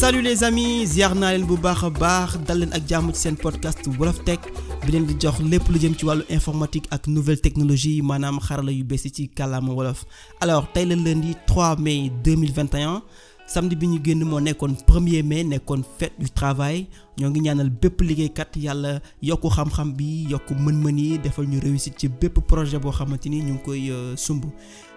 salut les amis ziar naa leen bu baax a baax dal leen ak jàmm ci seen podcast Wolof Tech bi leen di jox lépp lu jëm ci wàllu informatique ak nouvelle technologie maanaam xarala yu bees yi ci kàllaama wolof alors tey la lundi 3 mai 2021 samedi bi ñu génn moo nekkoon premier mai nekkoon fête du travail ñoo ngi ñaanal bépp liggéeykat yàlla yokku xam-xam bi yokk mën-mën yi defal ñu réussite ci bépp projet boo xamante ni ñu ngi koy euh, sumb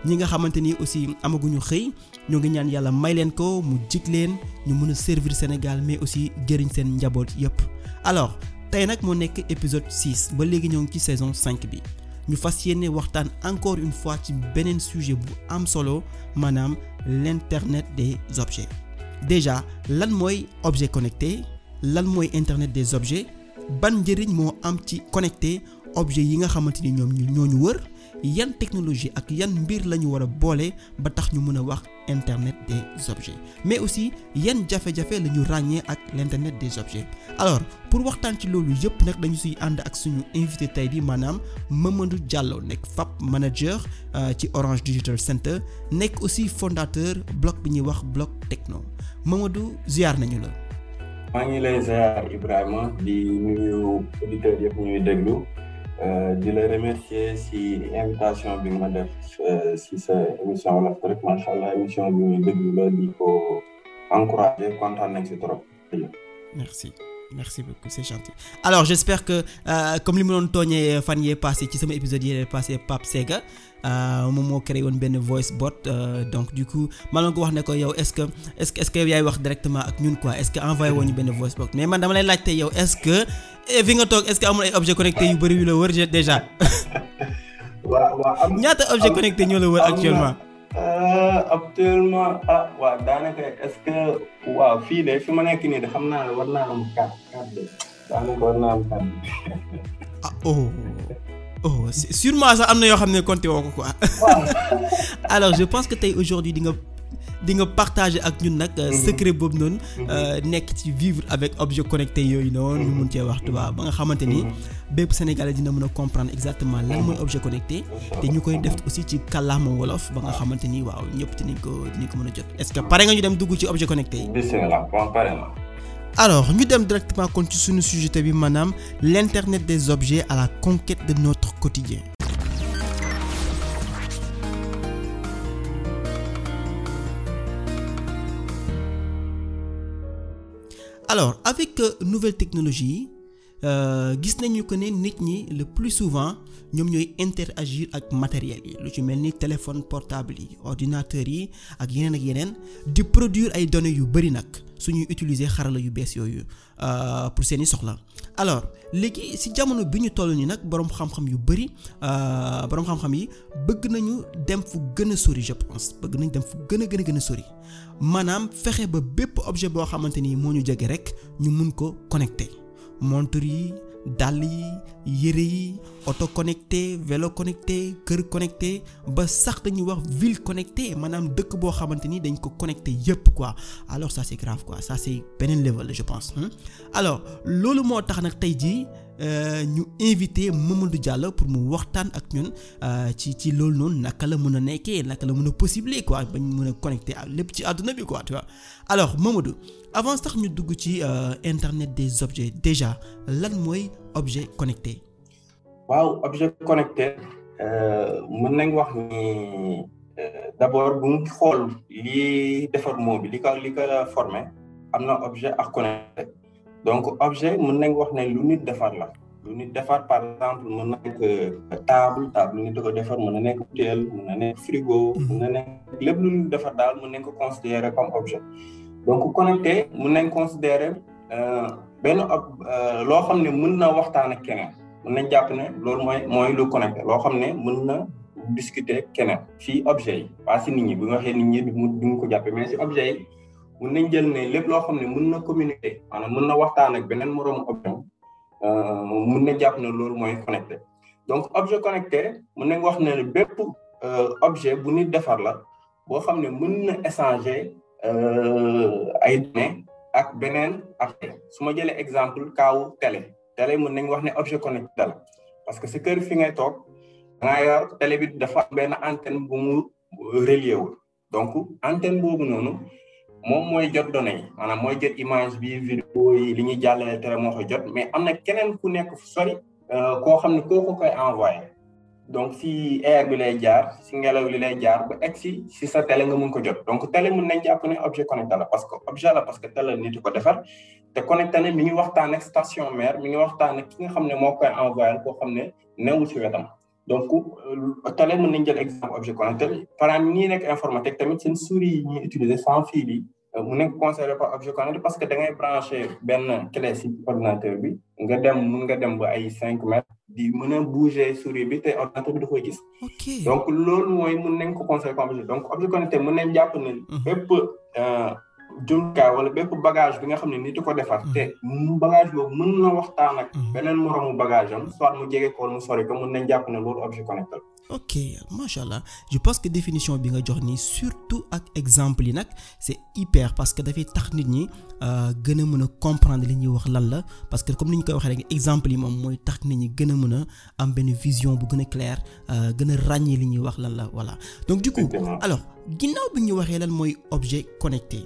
ñi nga xamante ni aussi amaguñu xëy ñoo ngi ñaan yàlla may leen ko mu jig leen ñu mën a servir Sénégal mais aussi jëriñ seen njaboot yépp alors tey nag moo nekk épisode 6 ba léegi ñoo ngi ci saison 5 bi ñu fas yéene waxtaan encore une fois ci beneen sujet bu am solo maanaam l'internet des objets déjà lan mooy objet connecté lan mooy internet des objets ban njëriñ moo am ci connecté objet yi nga xamante ni ñoom ñoo ñu wër. yan technologie ak yan mbir la ñu war a boole ba tax ñu mën a wax internet de objets mais aussi yan jafe-jafe la ràññee ak l' internet des objets alors pour waxtaan ci loolu yëpp nag dañu siy ànd ak suñu invité tey bi maanaam Mamadou jàlloo nekk fab manager euh, ci Orange Digital Center nekk aussi fondateur bloc bi ñuy wax bloc techno Mamadou ziar nañu la. maa ngi lay ziar Ibrahima di nuyu ñuy déglu. Euh, di la remercier si invitation bi nga def euh, si sa émission wolof rek macha émission bi muy déglu la di ko encourager kontaan nañ si trop. merci. merci beaucoup c'est gentil alors j'espère que euh, comme li mu doon tooñee fan yee passé ci sama épisode yi passé Pape Sega Euh, moom moo créé woon benn voice bot euh, donc du coup ma la ko wax ne ko yow est-ce que est-ce yaay wax directement ak ñun quoi est-ce que envoyé woon ñu benn voice bot mais man dama lay laajte yow est-ce que eh, fi nga toog est-ce que amul ay objets connectés yu bëri yu la wër déjà. ñaata objets connectés ñoo la wër actuellement. Euh, actuellement ah waaw ma nekk xam naa war naa oh sûrement sax am na yoo xam ne compté woo ko quoi. alors je pense que tey aujourd'hui di nga di nga partager ak ñun nag. Euh, mhm. secret boobu noonu. Mhm. Euh, nekk ci vivre avec objet connecté yooyu noonu. ñu mun cee wax tubaab ba nga xamante ni. Mhm. bépp Sénégalais dina mun a comprendre exactement lan mooy objet connecté te ñu koy def aussi ci kàllaama wolof ba nga xamante ni waaw ñëpp dinañ ko dinañ ko mën a jot. est-ce que pare nga ñu dem dugg ci objet connecté yi. bisimilah alors ñu dem directement kon ci suñu sujet bi maanaam l'internet des objets à la conquête de notre quotidien alors avec euh, nouvelle technologie Euh, gis nañu ko ne nit ñi le plus souvent ñoom ñooy interagir ak matériel yi lu ci mel ni téléphone portable yi ordinateur yi ak yeneen ak yeneen di produire ay données yu bari nag suñuy utiliser xarala yu bees yooyu euh, pour seeni soxla alors léegi si jamono bi ñu toll nii nag boroom xam-xam yu bari euh, boroom xam-xam yi bëgg nañu dem fu gën a sori je pense bëgg nañ dem fu gën a gën gën a sori maanaam fexe ba bépp objet boo xamante ni moo ñu jege rek ñu mun ko connecté. montre yi dàll yi yére yi auto connecté velo connecté kër connecté ba sax dañuy wax ville connecté maanaam dëkk boo xamante ni dañ ko connecté yépp quoi alors ça c'est grave quoi ça c'est beneen level je pense alors loolu moo tax nag tey jii Euh, ñu invité Mamadou Diallo pour mu waxtaan ak ñun euh, ci ci lool noonu naka la mun a nekkee naka la mun a possible ko quoi bañ mën a connecté ak lépp ci àdduna bi quoi tu vois alors Mamadou avant sax ñu dugg ci euh, internet des objets déjà lan mooy objet connecté. waaw objet connecté mën nañ wax ni d'abord bu ñu xool li defar mot bi li ko li ko formé am na objet ak connecté. donc objet mun nañ wax ne lu nit defar la lu nit defar par exemple mën na nekk euh, table table nit da ko defar mën na nekk butéel mën na nekk frigo mhm. mën na nekk lépp lu nit defar daal mën nañ ko considérer comme objet donc connecté mën nañ considérer euh, benn ob euh, loo xam ne mën na waxtaan ak keneen mën nañ jàpp ne loolu mooy mooy lu connecté loo xam ne mën na discuté keneen fii objet yi pas si nit ñi bu ñu waxee nit ñi du ñu ko jàppee mais si objet yi mun nañ jël ne lépp loo xam ne mun na communiquer maanaam mun na waxtaan ak beneen moroomu objet euh, mun na jàpp ne loolu mooy connecté donc objet connecté mun nañ wax ne bépp euh, objet bu nit defar la boo xam ne mën na échanger euh, ay ak beneen appareil su ma jëlee exemple kaawu télé télé mun nañ wax ne objet connecté la parce que sa kër fi ngay toog dangaa yor télé bi dafa am benn antenne bu mu relier wul donc antenne boobu noonu moom mooy jot données yi maanaam mooy jot image bi vidéo yi li ñuy jàllale tere moo koy jot mais am na keneen ku nekk fu sori euh, koo xam ne kooku koy envoyé donc si air bi lay jaar si ngelaw li lay jaar ba egg si si sa télé nga mun ko jot donc télé mun nañ jàpp ne objet connecté la parce que objet la parce que télé nit ko defar te connecté ne mi ngi waxtaan ak station mère mi ngi waxtaan ak ki nga xam ne moo koy envoyé koo xam ne newul si wetam donc euh, tale mën nañ jël exemple objet connecté parents ñi nekk informatique tamit seen souris yi ñuy utiliser sans fil yi euh, mu nekk conservé par objet connecté parce que da ngay branché benn clé si ordinateur bi nga dem mun nga dem ba ay cinq mètres di mën a bouger souris bi te ordinateur bi da koy gis donc loolu mooy mun nañ ko conservé par objet donc objet connecté mën nañ jàpp ne mhm. bépp euh, jumtukaay wala bépp bagage bi nga xam ne nit ko defar mm. te bagage boobu mën na waxtaan ak mm. beneen moroomu bagage am soit mu jege ko mu sori ko mën nañ jàpp ne loolu objet connecté bi nga jox nii surtout ak yi nag c'est parce que dafay tax nit ñi euh, gën a a comprendre li ñuy wax lan la parce que comme ni ñu koy waxee rek moom mooy tax nit ñi gën a mën a am benn vision bu gën a claire euh, gën a ràññee li ñuy wax lan la voilà donc du coup alors ginnaaw bi ñu waxee lan mooy objet connecté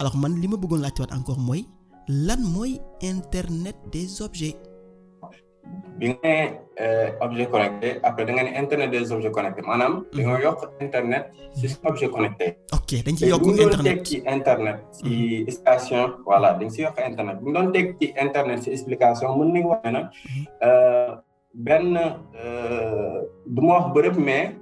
alors man li ma bëggoon laajtewaat encore mooy lan mooy internet des objets. bi nga ne euh, objet connecté après da nga ne internet des objets connectés maanaam. da mhm. yokk internet si objet connecté. ok dañ ci yokk internet ci internet. si mhm. station voilà dañ si yokk internet bu ñu doon teg ci internet si explication mën nañu wax ne nag mhm. euh, benn euh, du ma wax bërëb mais.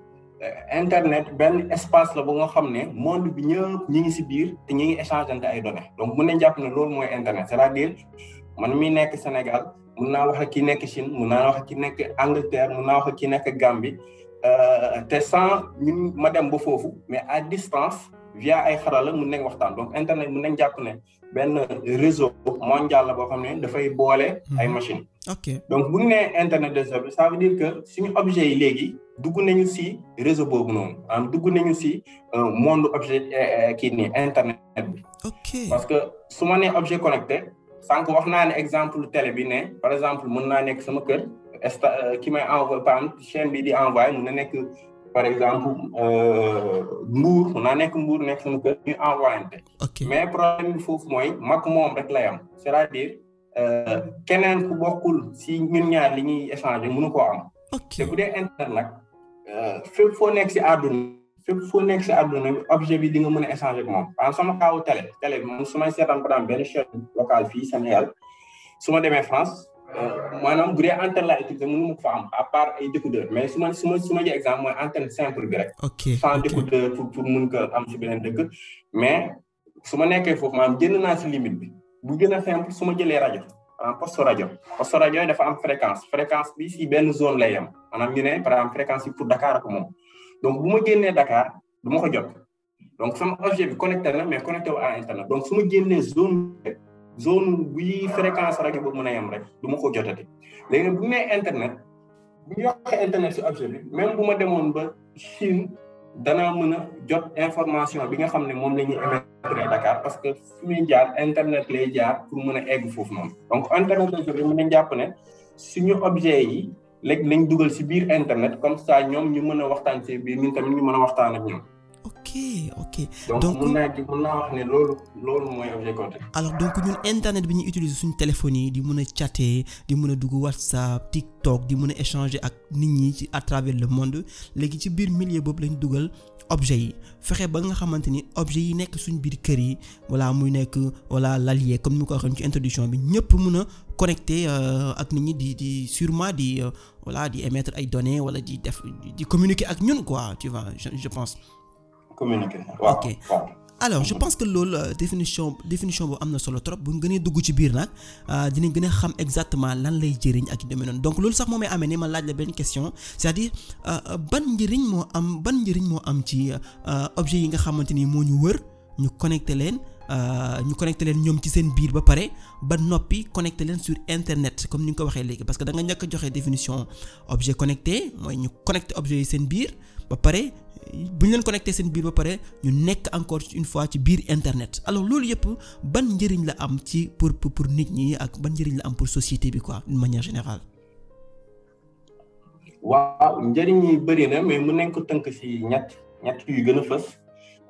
Eh, internet benn espace la bu nga xam ne monde bi ñë ñi ngi si biir te ñi ngi échangeante ay données donc mën nañ jàpp ne loolu mooy internet c'est-à-dire man mi nekk Sénégal mun naa wax ak ki nekk Chine mun na wax ak ki nekk Angleterre mun naa wax ak ki nekk euh, te sans ñun ma dem ba foofu mais à distance via ay xarala mun nañ waxtaan donc internet mun nañ jàpp ne benn réseau mondial la boo xam ne dafay boole ay mhm. machines. ok donc bu ñu nee internet des objets ça veut dire que suñu objets yi léegi dugg nañu réseau boobu noonu am dugg nañu ci euh, monde objet euh, euh, kii ni internet bi. ok parce que su ma nee objet connecté sànq wax naa ne exemple télé bi ne par exemple mën naa nekk sama kër sta ki may envoyé par exemple chaîne bi di envoyé mun nekk. par exemple euh, mbuur naa nekk mbuur nekk suñu kër ñu envoyante mais problème bi foofu mooy mag moom rek lay am c'est-à-dire euh, keneen ku bokkul si ñun ñaar li ñuy échanger mënu koo am te bu dee internet nag euh, fépp foo nekk si àdduna fépp foo nekk si àdduna bi objet bi di nga mën a échanger ak moom par sama kaawu télé télé bi moom su may seetaan par benn chaîne locale fii Sénégal su ma demee France Euh, maanaam bu dee antenne laa utilisé mënu ma ko fa am à part ay décodeur mais su ma su ma su ma jël exemple mooy antenne simple bi rek. ok sans décodeur pour pour am si dëkk. mais su ma nekkee foofu maanaam jënd naa si limite bi bu gën a simple su ma jëlee rajo maanaam poste rajo poste rajo yi dafa am fréquence fréquence bi si benn zone la am maanaam ñu ne par exemple fréquence bi pour Dakar ak moom donc bu ma génnee Dakar du ma ko jot donc sama objet bi connecté na mais connecté wu à internet ma génnee zone bi fréquence rajo boobu mën a yem rek du ma ko jotati léegi bu ñu nee internet bu ñu waxee internet si objet bi même bu ma demoon ba Chine danaa mën a jot information bi nga xam ne moom la ñuy émettre Dakar parce que fi muy jaar internet lay pour mën a egg foofu noonu donc internet objet bi mën nañ jàpp ne suñu objet yi léegi lañ dugal si biir internet comme ça ñoom ñu mën a waxtaan si biir ñun tamit ñu mën a waxtaan ak ñoom. ok donc mun naa ci ñun internet bi ñu utiliser suñu téléphone yi di mun a chatter di mun a dugg WhatsApp TikTok di mun a échangé ak nit ñi ci à travers le monde léegi ci biir milieu boobu lañ dugal. objet yi fexe ba nga xamante ni objet yi nekk suñu biir kër yi wala muy nekk wala l'allié comme ni ko waxee ci introduction bi ñëpp mun a connecté euh, ak nit ñi di di sûrement di euh, voilà di émettre ay données wala di def di communiquer ak ñun quoi je pense. communiquer waaw ok alors je pense que loolu euh, définition définition boobu am na solo trop bu ñu dugg ci biir nag euh, dinañ gën a xam exactement lan lay jëriñ ak yu demee noonu donc loolu sax moom may amee ni ma laaj la benn question c'est-à-dire euh, ban njëriñ moo am ban njëriñ moo am ci objet yi nga xamante ni moo ñu wër ñu connecté leen ñu connecté leen ñoom ci seen biir ba pare ba noppi connecté leen sur internet comme ni nga ko waxee léegi parce que da nga ñàkk joxe définition objet connecté mooy ñu connecté objet seen biir bu ñu leen connecté seen biir ba pare ñu nekk encore une fois ci biir internet alors loolu yëpp ban njëriñ la am ci pour pour nit ñi ak ban njëriñ la am pour société bi quoi d'une manière générale. waaw njëriñ yi bëri na mais mu nekk ko tënk ci ñett ñett yu gën a fës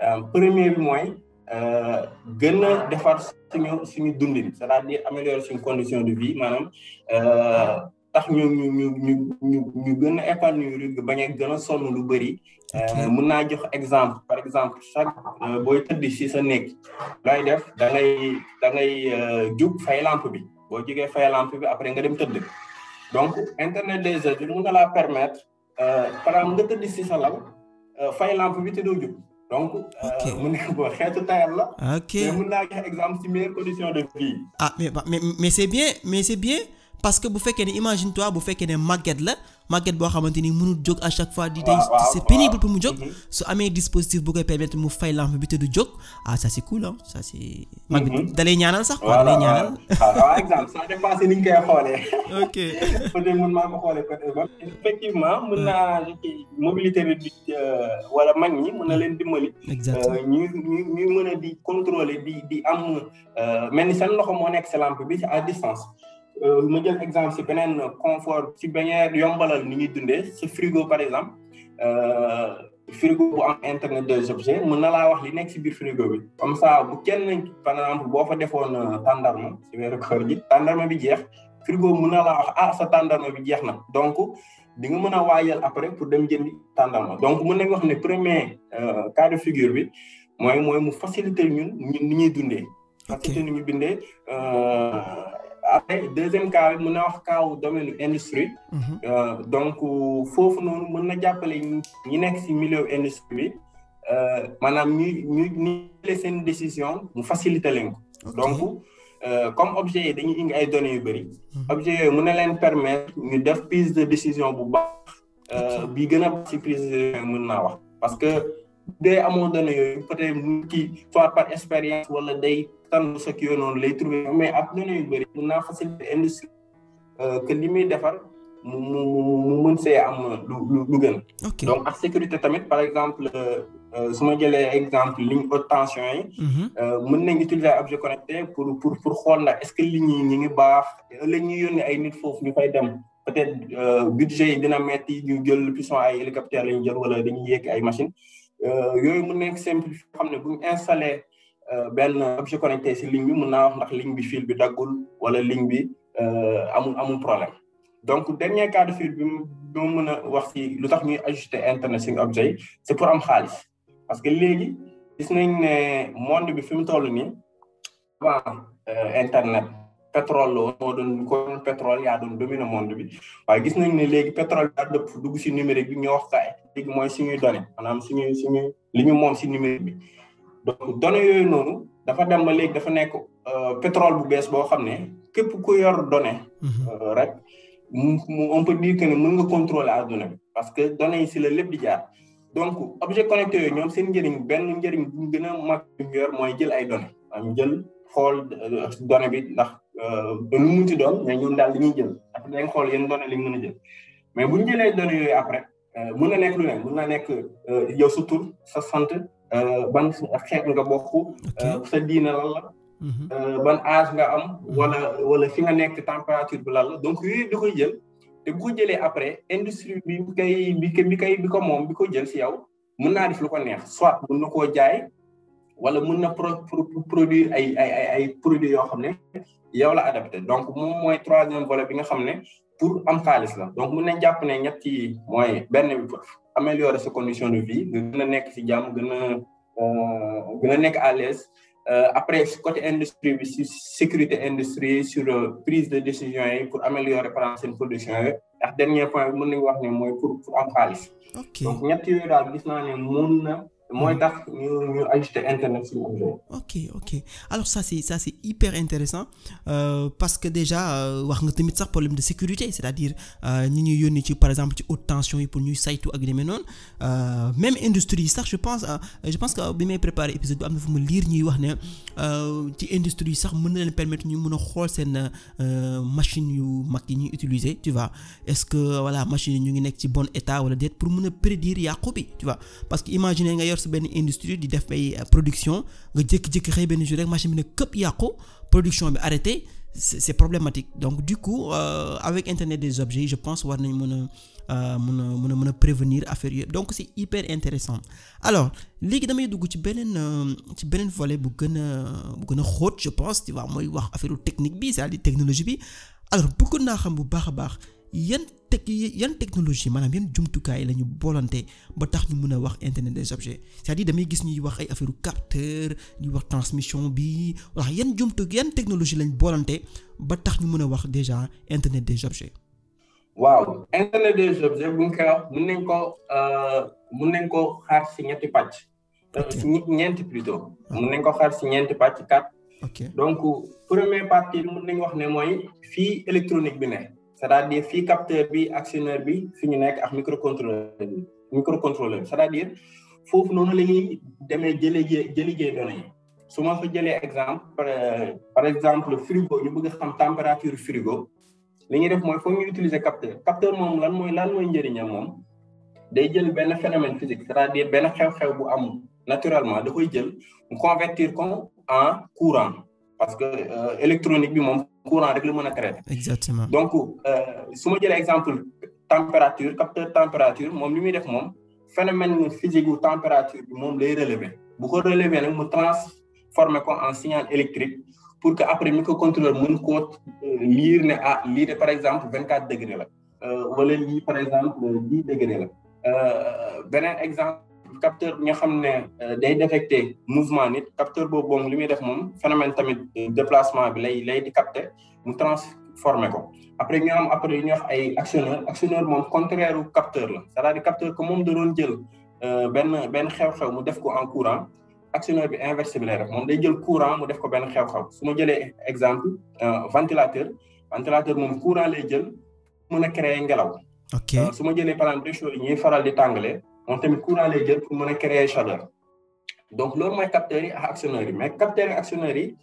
euh, premier bi mooy euh, gën defar suñu suñu dundin c'est-à-dire améliorer suñu condition de vie maanaam euh, tax ñu ñu ñu ñu ñu ñu gën a épanouir bañ a gën sonn lu bari Euh, mun naa jox exemple par exemple chaque euh, booy tëdd si sa néeg ngay def da ngay da ngay euh, jug fay lampe bi boo jugee fay lampe bi après nga dem tëdd donc internet des heures bi mun na laa permettre par exemple nga tëdd si sa lal fay lampe bi te doo jug donc mu ne bon xeetu tayal la ok mun naa jox exemple si meilleure condition de vie ah mais c'est bien mais c'est bien parce que bu fekkee ne imagine toi bu fekkee ne màgget la màgget boo xamante ni mënul jóg a chaque fois di day c'est pénible pour mu jóg su amee dispositif bu koy permettre mu fay lampe bi te du jóg ah ça c'est cool sa ça c'est mag mm-hmm. bi dalay ñaanal sax quoi dalay ñaanal waaw exemple ça dépend si ni ñu koy xoolee ok peut-être mën maa ko xoolee peut-être effectivement mën naa mobilité bi euh, wala mag ñi mën na leen dimbali ñu ñu ñu mën a di contrôler euh, mel ni seen loxo moo nekk si lampe bi à distance Euh, ma jël exemple si beneen confort si beneen yombalal ni ñuy dundee si frigo par exemple euh, frigo bu am internet des objets mun na laa wax li nekk si biir frigo bi comme ça bu kenn par exemple boo fa defoon euh, tàndarma si weeru koor ji tàndarma bi jeex frigo mun na laa wax ah sa tàndarma bi jeex na donc di nga mën a waayal après pour dem jëndi tàndarma donc mën nañu wax ne premier cas de figure bi mooy mooy mu faciliter ñun ñun ni ñuy dundee faciliter ni ñuy dundee après deuxième cas bi mën wax kaaw domaine industrie mhm. euh, donc foofu noonu mën na jàppale ñi nekk si milieu industrie bi euh, maanaam ñu ñu ni seen décision mu faciliter leen ko donc euh, comme objet yi dañuy indi ay données yu bëri mhm. objet yooyu mën na leen permettre ñu def prise de décision bu baax bi gën a baax prise de mën naa wax parce que dès à un moment donné yooyu peut-être mu kii soit par expérience wala day tànn sa kii yooyu noonu lay trouver mais ak données yu bëri mun naa faciliter industrie euh, que li muy defar mu mu mu mën see am lu lu lu gën. donc ak sécurité tamit par exemple euh, su ma jëlee exemple ligne haute tension yi. Mhm. Euh, mën nañ utiliser ay objet connecté pour pour pour xool ndax est-ce que lignes yi ñu ngi baax la ñuy yónnee ay nit foofu ñu fay dem. peut-être budget yi dina metti ñu jël plus ay hélicoptère la ñu jël wala dañuy yéeg ay machines. Euh, yooyu mu nekk simplifié xam ne bu ñu installé euh, benn objet connecté si ligne bi mën naa wax ndax ligne bi fil bi daggul wala ligne bi euh, amul amul problème donc dernier cas de fil bi mu ma mën a wax si lu tax ñuy ajouter internet si objet yi c'est pour am xaalis parce que léegi gis nañ ne monde bi fi mu toll nii avant internet pétrole la moo doon ko pétrole yaa doon dominer monde bi waaye gis nañ ne léegi pétrole yaa dëpp dugg si numérique bi ñoo wax kaay numérique mooy suñuy données maanaam suñuy suñuy li ñu moom si numérique bi donc données yooyu noonu dafa dem ba léegi dafa nekk euh, pétrole bu bees boo xam ne képp ku yor données mhm. euh, rek mu on peut dire que ne mën nga contrôler àdduna bi parce que données yi si la lépp di jaar donc objet connecté yooyu ñoom seen njëriñ benn njariñ bu gën a mag bu mooy jël ay données am jël xool euh, done bi ndax nu mu munti doon mais ñoom daal li ñuy jël après dañ xool yéen données li ñu jël mais bu ñu jëlee Euh, mën na nekk lu ne mën na nekk euh, yow sa sa sant euh, ban xeet nga bokk sa diina lan la mhm. ban âge nga am wala wala fi nga nekk température bi lan donc yooyu da koy jël te bu ko jëlee après industrie bi bi koy bi koy bi ko moom bi ko jël si yow mën naa def lu ko neex soit mën na koo jaay wala mën na produire ay ay ay ay produits yoo xam ne yow la adapté donc moom mooy troisième volet bi nga xam ne pour am xaalis la donc mun nañ jàpp ne ñett yi mooy benn bi pour sa condition de vie nga gën a nekk si jàmm gën a euh, gën nekk à l'aise euh, après côté industrie bi sur sécurité industrie sur euh, prise de décision yi pour améliorer par exemple seen production yi ndax dernier point bi mën nañu wax ne mooy pour pour am xaalis donc ñett yooyu daal gis mooy mhm. tax ñu ñu ajouté internet si ok ok alors ça c'est ça c'est hyper intéressant euh, parce que déjà euh, wax nga tamit sax problème de sécurité c'est-à-dire euh, ñu ñuy yónni ci par exemple ci haute tension yi pour ñuy saytu ak demee noonu même industrie yi sax je pense je pense que bi may préparer épisode bi am na fu ma liir ñuy wax ne ci industrie yi sax mën na leen permettre ñu mun a xool seen machine yu mag yi ñuy utiliser tu vois est-ce que voilà machine yi ñu ngi nekk ci bon état wala déet pour mën a prédire yàqu bi sa benn industrie di def ay euh, production nga jékki-jékki xëy benn jour rek machine bi ne këpp yàqu production bi arrêté c'est problématique donc du coup euh, avec internet des objets je pense war nañ mën a euh, mun a mën a mën a prévenir affaire yëpp donc c'est hyper intéressant alors léegi damay dugg ci beneen euh, ci beneen volet bu gën a bu gën a xóot je pense tu waa mooy wax affaire technique bi cest di dire technologie bi alors bëggoon naa xam bu baax a baax yan teg yan technologie maanaam yan jumtukaay la ñu boolante ba tax ñu mën a wax internet de objets cest à damay gis ñuy wax ay affaire capteur ñuy wax transmission bi wax yan jumtu yan technologie lañ boolante ba tax ñu mën a wax déjà internet des objets. waaw internet des objets bu ñu nañ ko euh, mën nañ ko xaar ci ñetti pàcc. Euh, ñeenti plutôt. Ah. mën nañ ko xaar ci ñeenti pàcc donc première partie wax ne mooy fii électronique bi ne. c'est-à-dire fii capteur bi actionneur bi fi ñu nekk ak microcontrôleur bi microcontrôleur bi c'est-à-dire foofu noonu la ñuy demee jëlee jëlee jëlee données yi su ma fa jëlee exemple euh, par exemple frigo ñu bëgg xam température frigo li ñuy def mooy fo ñu utiliser capteur capteur moom lan mooy lan mooy moom day jël benn phénomène physique c'est-à-dire benn xew-xew bu am naturellement da koy jël mu convertir ko en courant. parce que euh, électronique bi moom courant rek la mën a traiter. exactement donc euh, su ma jëlee exemple température capteur température moom li muy def moom phénomène physique wu température bi moom lay relever bu ko relever nag mu transformer ko en signal électrique pour que après microcontrôleur mun koo euh, lire ne ah lii de par exemple vingt quatre degré la wala lii par exemple dix degré la beneen exemple. capteur bi nga xam ne euh, day détecté mouvement nit capteur boobu moom li muy def moom phénomène tamit déplacement bi lay lay di capté mu transformé ko après ñu am après ñu wax ay actionneur actionneur moom contraire u capteur la c'est-à-dire capteur que moom da doon jël euh, benn benn xew-xew mu def ko en courant actionneur bi inversé bi lay moom day jël courant mu def ko benn xew-xew su ma jëlee exemple euh, ventilateur ventilateur moom courant lay jël mu a créer ngelaw ok su ma jëlee par exemple réchaud faral di tàngalee moom tamit courant lay jël pour mën a créer chaleur donc loolu mooy capteurs yi ak actionneurs yi mais capteurs yi actionneurs yi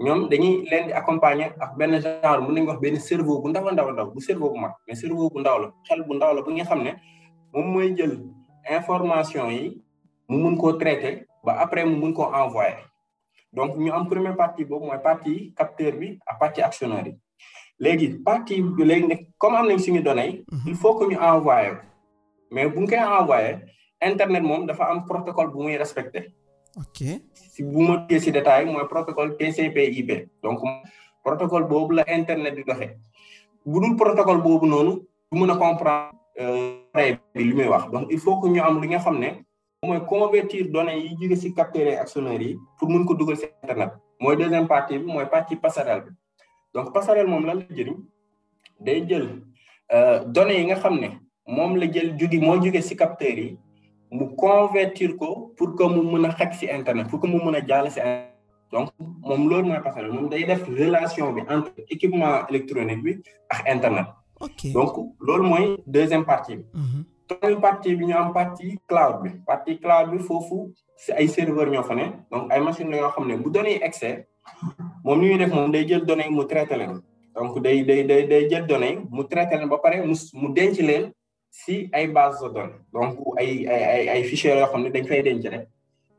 ñoom dañuy leen di accompagner ak benn genre mën nañu wax benn servo bu ndaw a ndaw bu servo bu mag mais cerveau bu ndaw la xel bu ndaw la bu nga xam ne moom mooy jël information yi mu mun ko traiter ba après mu mun koo envoyer donc ñu am première partie boobu mooy partie capteur bi ak parti actionneur yi léegi partie léegi nag comme am nañ suñu données yi mhm. il faut que ñu envoyer mais bu ñu koy envoyé internet moom dafa am protocole bu muy respecté. ok si bu ma tee si détail mooy protocole TCP/IP donc protocole boobu la internet di doxee bu dul protocole boobu noonu du mën a comprendre euh, bi li muy wax donc il faut que ñu am li nga xam ne mooy convertir données yi jóge si capteurs yi ak sonneurs yi pour mun ko dugal si internet mooy deuxième partie bi mooy partie passerelle bi donc passerelle moom lan la jëriñ day jël euh, données yi nga xam ne. moom la jël jóge moo jóge si capteurs yi mu convertir ko pour que mu mën a xaj si internet pour que mu mën a jàll si internet donc moom loolu mooy passerelle moom day def relation bi entre équipement électronique bi ak internet. ok donc loolu mooy deuxième partie bi. Mhm. troisième partie bi ñu am partie cloud bi. partie cloud bi foofu si ay serveurs ñoo fa ne donc ay machines la yoo xam ne bu données excès moom li ñuy def moom day jël données mu traité leen donc day day day day jël données mu traité leen ba pare mu mu denc leen. si ay base de données donc ay ay ay ay fichiers yoo xam ne dañ fay denc rek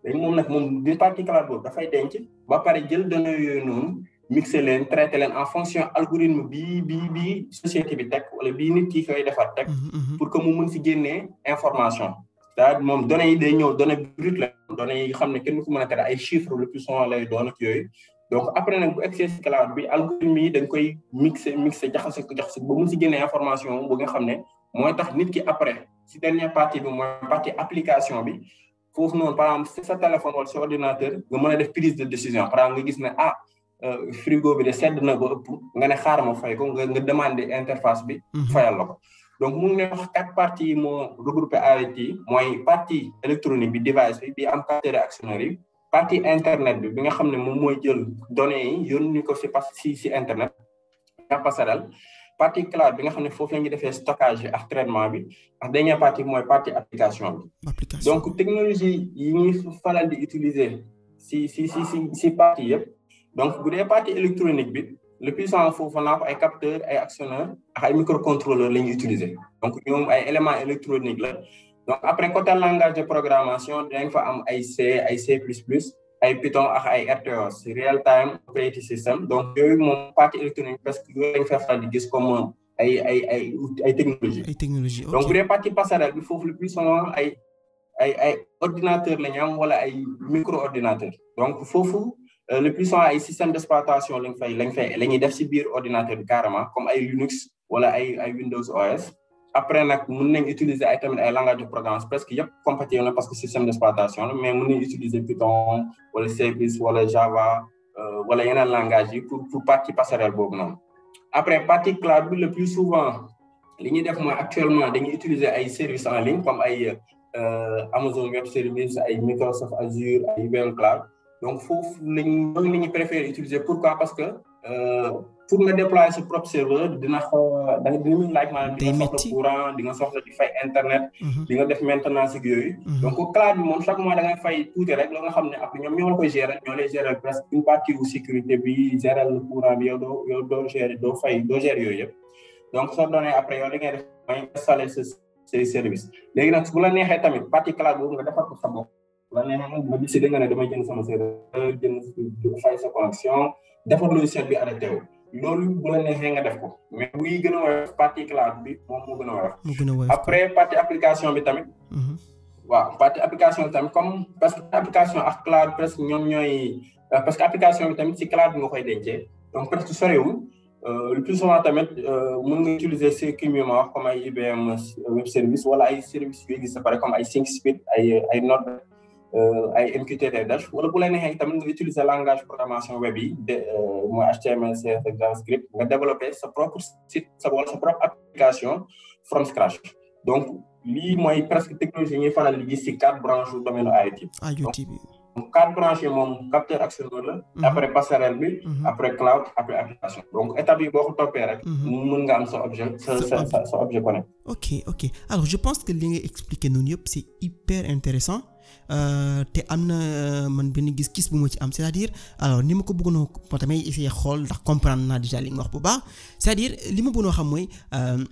dañ moom nag moom di partie cloud boobu dafay denc ba pare jël données yooyu noonu mixé leen traité leen en fonction algorithme bii bii bii société bi teg wala bii ni ki koy defar teg mhm, mhm. pour que mu mën si génnee information c'est-à-dire moom données yi day ñëw données brutes la données yi xam ne kenn ko mën ay chiffres le plus souvent lay doon ak yooyu donc après nag bu excès bi algorithme yi dañ koy mixé mixé jaxase si génnee information bu nga xam ne mooy tax nit ki après si dernière partie bi mooy partie application bi foofu noonu par si sa téléphone wala sa ordinateur nga mën a def prise de décision par nga gis ne ah euh, frigo bi de sedd na ba ëpp nga ne xaar ma fay ko nga nga demandé interface bi. Mhm. fayal la ko donc mu ngi wax quatre parties moo regroupé avec yi mooy partie électronique bi device bi bi am capteur actionnaire yi. partie internet bi bi nga xam ne moom mooy jël données yi yónni ko si pas si si internet nga passerelle partie cloud bi nga xam ne foofu la ngi defee stockage bi ak traitement bi ak dernière partie bi mooy partie application bi donc technologie yi ñuy faral di utiliser si si si si si partie yëpp donc bu dee partie électronique bi le puissance foofu naa ko ay capteurs ay actionneurs ak ay microcontrôleurs la ñuy utiliser donc ñoom ay éléments électroniques la donc après côté langage de programmation dinañ fa am ay C ay C plus plus ay Python ak ay RTOS real time operating system donc yooyu moom partie électronique parce que yooyu lañ fay faral di gis comme ay ay ay ay technologie ay technologie donc bu dee partie passerelle bi foofu le plus souvent ay ay ay ordinateur la ñu wala ay micro ordinateur donc foofu euh, le plus souvent ay système d'exploitation lañ fay lañ fay la ñuy def si biir ordinateur bi carrément comme ay Linux wala ay ay Windows OS après nag mën nañ utiliser ay tamit ay langage de programme presque yëpp compatible na parce que système d'exploitation la mais mën nañ utiliser Python wala C++ wala Java euh, wala yeneen langage yi pour pour partie passerelle boobu noonu. après partie cloud bi le plus souvent li ñuy def mooy actuellement dañuy utiliser ay services en ligne comme ay euh, Amazon Web Services ay Microsoft Azure ay IBM Cloud donc foofu lañ ñooñu la ñu préférer utiliser pourquoi parce que. Euh, pour nga déployer sa propre serveur dina xaw a da dina laaj maanaam di nga soxla courant di nga fay internet mhm. di nga def maintenance ak yooyu mhm. donc cloud bi moom chaque mois da fay tuuti rek la nga xam ne après ñoom ñoo la koy gérer ñoo lay gérer presque bi gérer le courant bi yow doo yow fay doo gérer yooyu yëpp donc soo doonee après yow li ngay def mooy installé sa say service léegi nag bu la neexee tamit partie cloud boobu nga defar ko sa bopp la neexee nga décidé nga ne damay bi arrêté loolu bu neexee nga def ko mais buy gën a woyof partie cloud bi moom moo gën a woyof. après partie application bi tamit. Mhm. waaw partie application bi tamit comme parce que application ak cloud presque ñoom ñooy euh, parce que application bi tamit ci cloud bi nga koy dencee donc presque sorewul euh, le plus souvent tamit euh, mën nga utiliser ce que ma wax comme ay IBM web service wala ay services yooyu gis nga pare comme ay Sync Speed ay ay Euh, ay MQTT wala bu la neexee tamit nga utiliser langage programmation web yi de euh, mooy HTML CSS JavaScript nga développé sa propre site sa wala sa propre application from scratch donc lii mooy presque technologie yi ñuy faral di gis si quatre branches yu domaine IoT. IoT bi donc quatre branches yi moom capteur actionneur la. Mhm. après passerelle bi. Mhm. après cloud après application. donc étape yi boo ko toppee rek. Mhm. mën nga am sa objet sa sa sa objet connecté. ok ok alors je pense que li nga expliqué noonu yëpp c'est hyper intéressant Euh, te am na euh, man benn gis-gis bu ma ci am cest a dire alors ni ma ko bëggoon a tamit essayer xool ndax comprendre naa déjà li nga wax bu baax c'est-à-dire li ma bëggoon a xam mooy euh,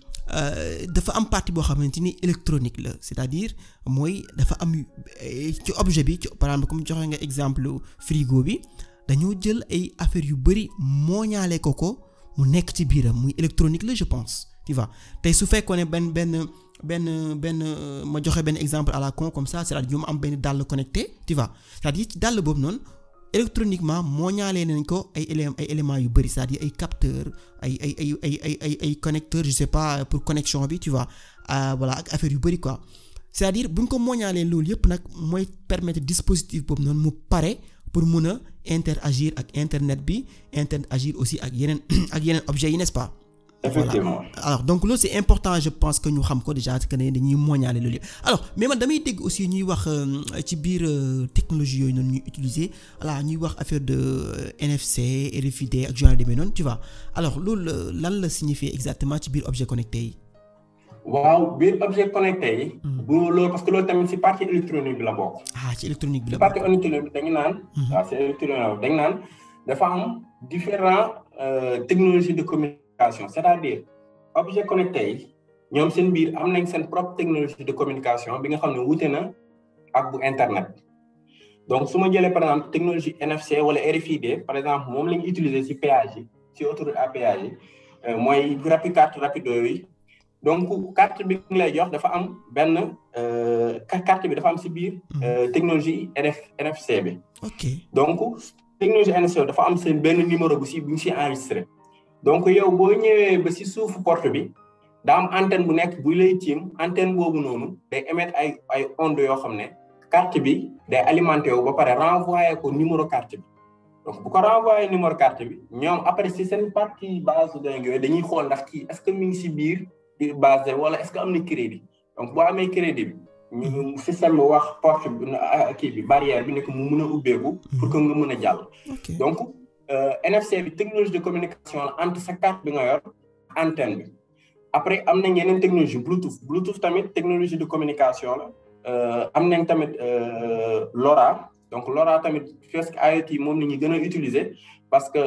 dafa am partie boo xamante ni électronique la c'est-à-dire mooy dafa am ci objet bi ci par exemple comme joxe nga exemple frigo bi dañoo jël ay affaires yu bari mooñaale ko ko mu nekk ci biiram muy électronique la je pense tu vois tey su fekkoon ne benn benn. benn benn euh, ma joxe benn exemple à la con comme ça c'est-à-dire ñu am benn dàll connecté tu vois c'est-à-dire ci dàll boobu noonu électroniquement moo ñaalee nañ ko ay éléments ay yu bëri c'est-à-dire ay capteurs ay ay ay ay ay ay ay connecteurs je sais pas pour connexion bi tu vois euh, voilà ak affaire yu bëri quoi c'est-à-dire bu ñu ko mooñaalee loolu yëpp nag mooy permettre dispositif boobu noonu mu pare pour mun a interagir ak internet bi interagir aussi ak yeneen ak yeneen objets yi n'est-ce effectivement voilà. Ah, alors donc loolu c'est important je pense que ñu xam ko déjà que ne dañuy moñaale loolu yëpp alors mais man damay dégg aussi ñuy wax euh, ci biir euh, technologie yooyu noonu ñuy utiliser voilà ñuy wax affaire de euh, NFC RFID ak genre demee noonu tu vois loolu lan la signifier exactement ci biir objet connecté yi. waaw biir objet connecté yi. Hmm. bu loolu parce que loolu tamit ci partie électronique bi la bokk. ah ci électronique bi la bokk ci partie électronique bi dañu naan. Hmm. waaw ci électronique dañu communication c'est-à-dire objet connecté yi ñoom seen biir am nañ seen propre technologie de communication bi nga xam ne wuute na ak bu internet donc su ma jëlee par exemple technologie NFC wala RFID par exemple moom la ñu utiliser ci péage yi ci autoroute à yi euh, mooy rapide carte rapido yooyu donc carte bi lay jox dafa am benn euh, carte bi dafa am ci biir hmm. euh, technologie NF NFC bi. ok donc technologie NFC dafa am seen benn numéro bu ci bu ñu ci enregistré. donc yow boo ñëwee ba si suufu porte bi daam am antenne bu nekk bu lay tiim antenne boobu noonu day émettre ay ay ondes yoo xam ne carte bi day alimenté wu ba pare renvoyé ko numéro carte bi donc bu ko renvoyé numéro carte bi ñoom après si seen partie base de dañuy xool ndax ki est-ce que mi ngi ci biir base wala est-ce que am na crédit donc boo amee crédit bi ñu mhm. système bi wax porte bi euh, kii bi barrière bi nekk mu mën a ubbeeku pour que nga mën a jàll donc Euh, NFC bi technologie de communication la entre sa carte bi nga yor antenne bi après am nañ yeneen technologie Bluetooth Bluetooth tamit technologie de communication la euh, am nañ tamit euh, LoRa donc LoRa tamit presque IoT moom la ñuy gën a utiliser parce que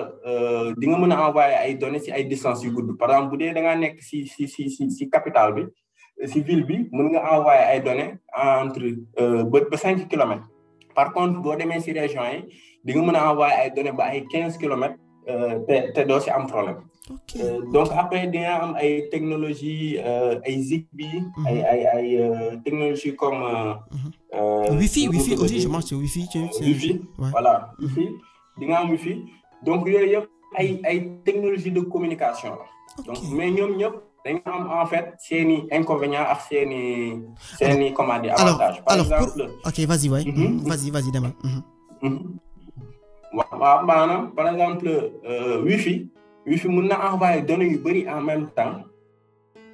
di nga mën a envoyer ay données si ay distance yu gudd par exemple bu dee da ngaa nekk si si ci ci ci capitale bi si ville bi mën nga envoyé ay données entre ba ba cinq kilomètres par contre boo demee si région yi. di nga mën a envoyer ay données ba ay quinze kilomètres euh, te te doo si am problème euh, donc après di am ay technologie euh, ay Zigbee mhm. ay ay ay technologie comme mhm. Wi-Fi aussi je mange Wi-Fi Wi-Fi voilà fi di nga am Wi-Fi donc yooyu yëpp ay ay technologie de communication la donc mais ñoom ñëpp dañu am en fait seeni inconvénients ak seeni seeni comment dire avantage par exemple ok vas-y waay mhm. waaw maanaam par exemple euh, wifi wifi mun na envoyer données yu bëri en même temps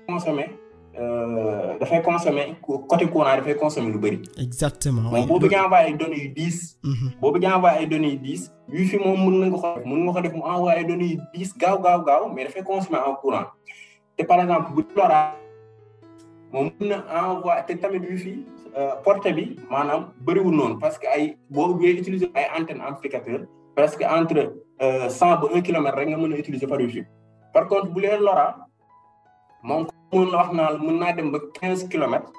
consommer euh, dafay consommer côté courant dafay consommer lu bëri. exactement moom boo bëggee envoyer données yu diis. Mhm. boo bëggee envoyer données yu diis wifi moom mun na nga ko mën nga ko def mu envoyer données yu diis gaaw gaaw gaaw mais dafay consommer en courant te par exemple bu loraa moom mën na envoyer te tamit wifi Euh, portée bi maanaam bëriwul noonu parce que ay boo bee utiliser ay antenne amplificateur presque entre euh, cent ba un kilomètre rek nga mën a utiliser par wifi par contre bu leen lora moom mën la wax naa la mën naa dem ba quinze kilomètres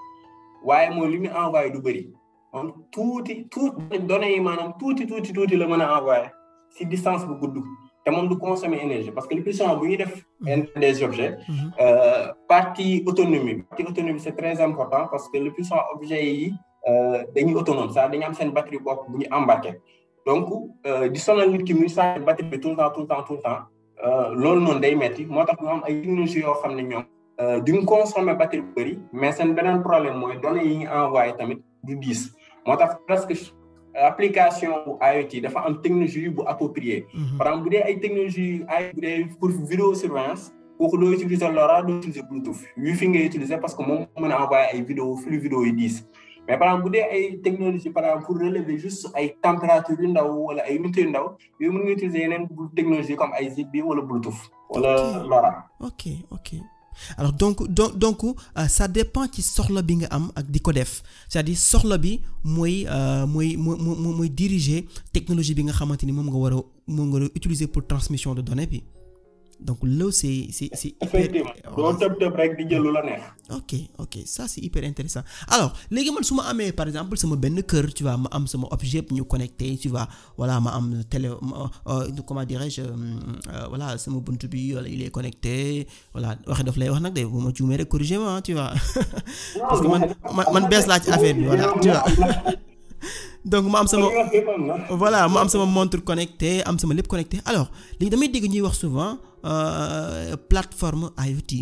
waaye moom li muy envoyé du bëri moom tuuti tuuti données yi maanaam tuuti tuuti tuuti la mën a envoyé si distance bu gudd te moom du consommer énergie parce que le puissant bu ñuy def mhm. des objets mhm. euh, partie autonomie partie autonomie c'est très important parce que le son objet yi euh, dañuy autonome ça dañu am seen batterie bopp bu ñu embarqué donc euh, di sonal nit ki muy sànni batterie bi tout le temps tout le temps tout le euh, day metti moo tax ñu am ay technologie yoo xam ne ñoom duñ consommer batterie bu bëri mais seen beneen problème mooy données yi ñu envoyé tamit du diis moo tax presque application IoT dafa am technologie bu appropriée. Mhm. par exemple bu dee ay technologie ay bu dee pour vidéo surveillance kooku doo utiliser LoRa doo utiliser Bluetooth Wi-Fi ngay utiliser parce que moom mën a envoyer ay vidéo flux vidéo yi diis mais par exemple bu dee ay technologie par exemple pour relever juste ay température yu ndaw wala ay unité yu ndaw yooyu mën nga utiliser yeneen technologie comme ay Zigbee wala Bluetooth wala LoRa. ok ok. alors donc donc sa euh, ça dépend ci soxla bi nga am ak di ko def cest di soxla bi mooy euh, mooy mooy mooy mooy diriger technologie bi nga xamante ni moom nga war a moom nga war a utiliser pour transmission de données bi. donc loolu c'est si c'est effectivement doo tëb tëb rek hyper intéressant alors léegi man su ma amee par exemple sama benn kër tu vois ma am sama objet ñu connecté tu vois voilà ma am télé euh, euh, comment dirais-je euh, voilà sama buntu bi wala il est connecté voilà waxe daf lay wax nag de bu ma juumee rek corrigé ma parce que man man bees laa ci affaire bi voilà tu donc ma am sama voilà ma am sama montre connecté am sama lépp connecté alors léegi damay dégg ñuy wax souvent. Euh, plateforme IoT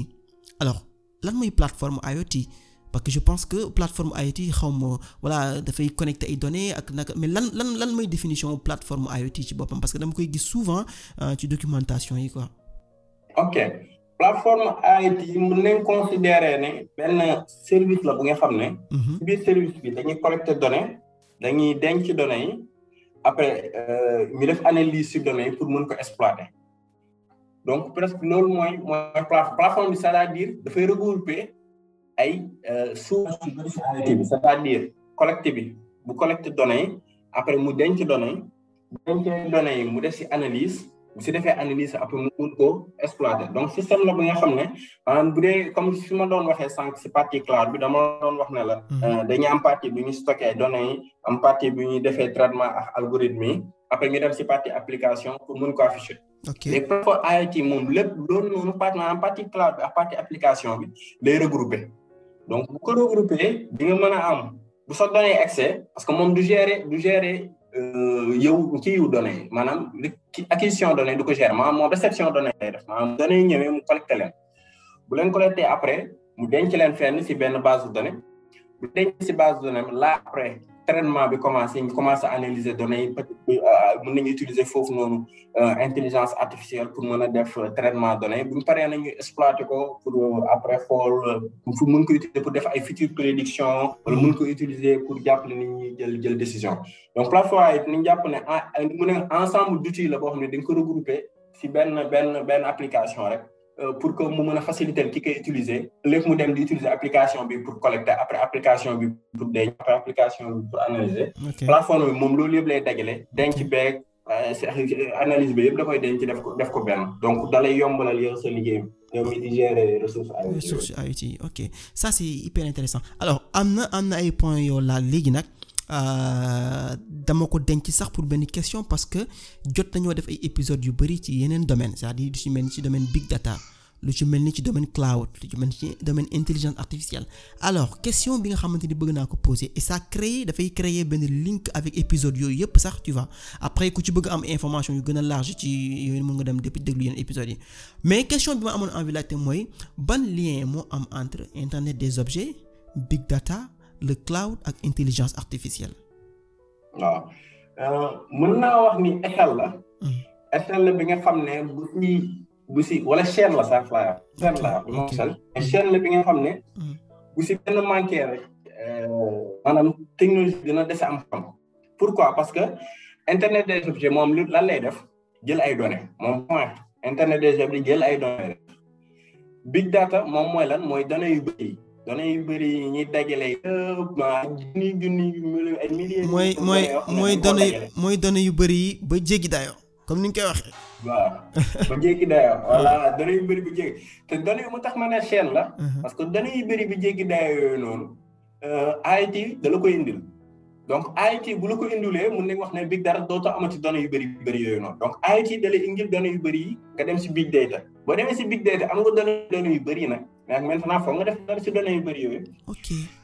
alors lan mooy plateforme IoT parce que je pense que plateforme IoT xaw ma voilà dafay connecter ay données ak naka mais lan lan lan mooy définition plateforme IoT ci boppam parce que dama koy gis souvent euh, ci documentation yi quoi. ok plateforme IoT mën nañ considérer ne benn service la bu nga xam ne. Mhm. ci biir service bi dañuy collecter données dañuy denc données yi après euh, ñu def analyse sur données pour mun ko exploiter. donc presque loolu mooy mooy plateforme bi c'est-à-dire dafay regrouper ay euh, sous société bi c'est-à-dire collecte bi bu collecte données yi après mu denc données yi denc données yi mu def si analyse si defee analyse après mu mun koo exploiter donc système na bu nga xam ne maanaam bu dee comme su ma doon waxee sànq si partie cloud bi dama doon wax ne la hmm. euh, dañuy am partie bi ñuy stocké données yi am partie bi ñuy defee traitement ak algorithme yi après ñu dem si partie application pour mun ko afficher ok léegi plateforme IoT moom lépp loolu noonu partie maanaam partie cloud bi ak partie application bi lay regrouper donc bu ko regroupé di nga mën a am bu sa données accès parce que moom du gérer du gérer euh, yow kii yu données maanaam acquisition données du ko gérer maanaam moom réception données lay def maanaam données yi ñëwee mu collecté leen bu leen collecté après mu denc leen fenn si benn base de données bu denc si base de données la après. traitement bi commencé ñu commencé analyser données yi peut-être euh, mën nañu utiliser foofu noonu euh, intelligence artificielle pour mën a def euh, traitement données bu ñu paree nañu exploité ko pour après xool pour mën ko utiliser pour def ay future prédiction wala mën ko utiliser pour jàppale nit ñi jël jël décision donc plateforme it nañ jàpp ne mu ne ensemble d'outils la boo xam ne dañ ko regrouper si benn benn benn application rek Euh, pour que mu mën a faciliter ki koy utiliser léegi mu dem di utiliser application bi pour collecter après application bi pour denc après application bi pour analyser. plateforme bi moom loolu yëpp lay dajale. denc beeg euh, analyse bi yëpp da koy denc def ko def ko benn. donc da lay yombalal yow sa liggéey yow mi di gérer ressources AIT. ressources AIT ok ça c'est hyper intéressant alors am na am na ay point yoo laal léegi nag. Euh, dama ko denc sax pour benn question parce que jot nañoo def ay épisodes yu bari ci yeneen domaine c'est-à-dire lu ci mel ni ci domaine big data lu ci mel ni ci domaine cloud lu ci mel ni ci domaine intelligence artificielle alors question bi nga xamante ni bëgg naa ko poser et ça crée dafay créer benn link avec épisode yooyu yëpp sax tu après ku ci bëgg am information yu gën a large ci yooyu mën nga dem depuis déglu yenn épisodes yi mais question bi ma amoon envie mooy ban lien moo am entre internet des objets big data le cloud ak intelligence artificielle. waaw euh, mën naa wax ni échelle la. échelle hmm. la bi nga xam ne bu si bu si wala chaîne la sax laa chaîne la non hmm. chaîne bi nga xam ne. Hmm. bu si benn manqué rek. Euh, maanaam technologie dina dese am xam. pourquoi parce que internet des objets moom lu lan lay def jël ay données moom point internet des objets jël ay données. big data moom mooy lan mooy données yu bët yi données yu bëri yi ñuy dajale yëpp junni junni ay milliers mooy mooy mooy données mooy données yu bëri yi ba jéggi dayoo comme ni ñu koy waxee. waaw ba jéggi dayoo voilà données yu bëri bu jéggi te données mu tax ma ne chaîne la. Uh-huh. parce que données yu bëri bu jéggi dayoo yooyu noonu. Euh, IT da la ko indil donc IT bu la ko indilee mun nañ wax ne big data dootoo amati données yu bëri yu bëri yooyu noonu donc IT da lay indil données yu bëri yi nga dem si big data boo demee si big data am nga données yu bëri nag. mais maintenant foog nga def dara si données yu bëri yooyu.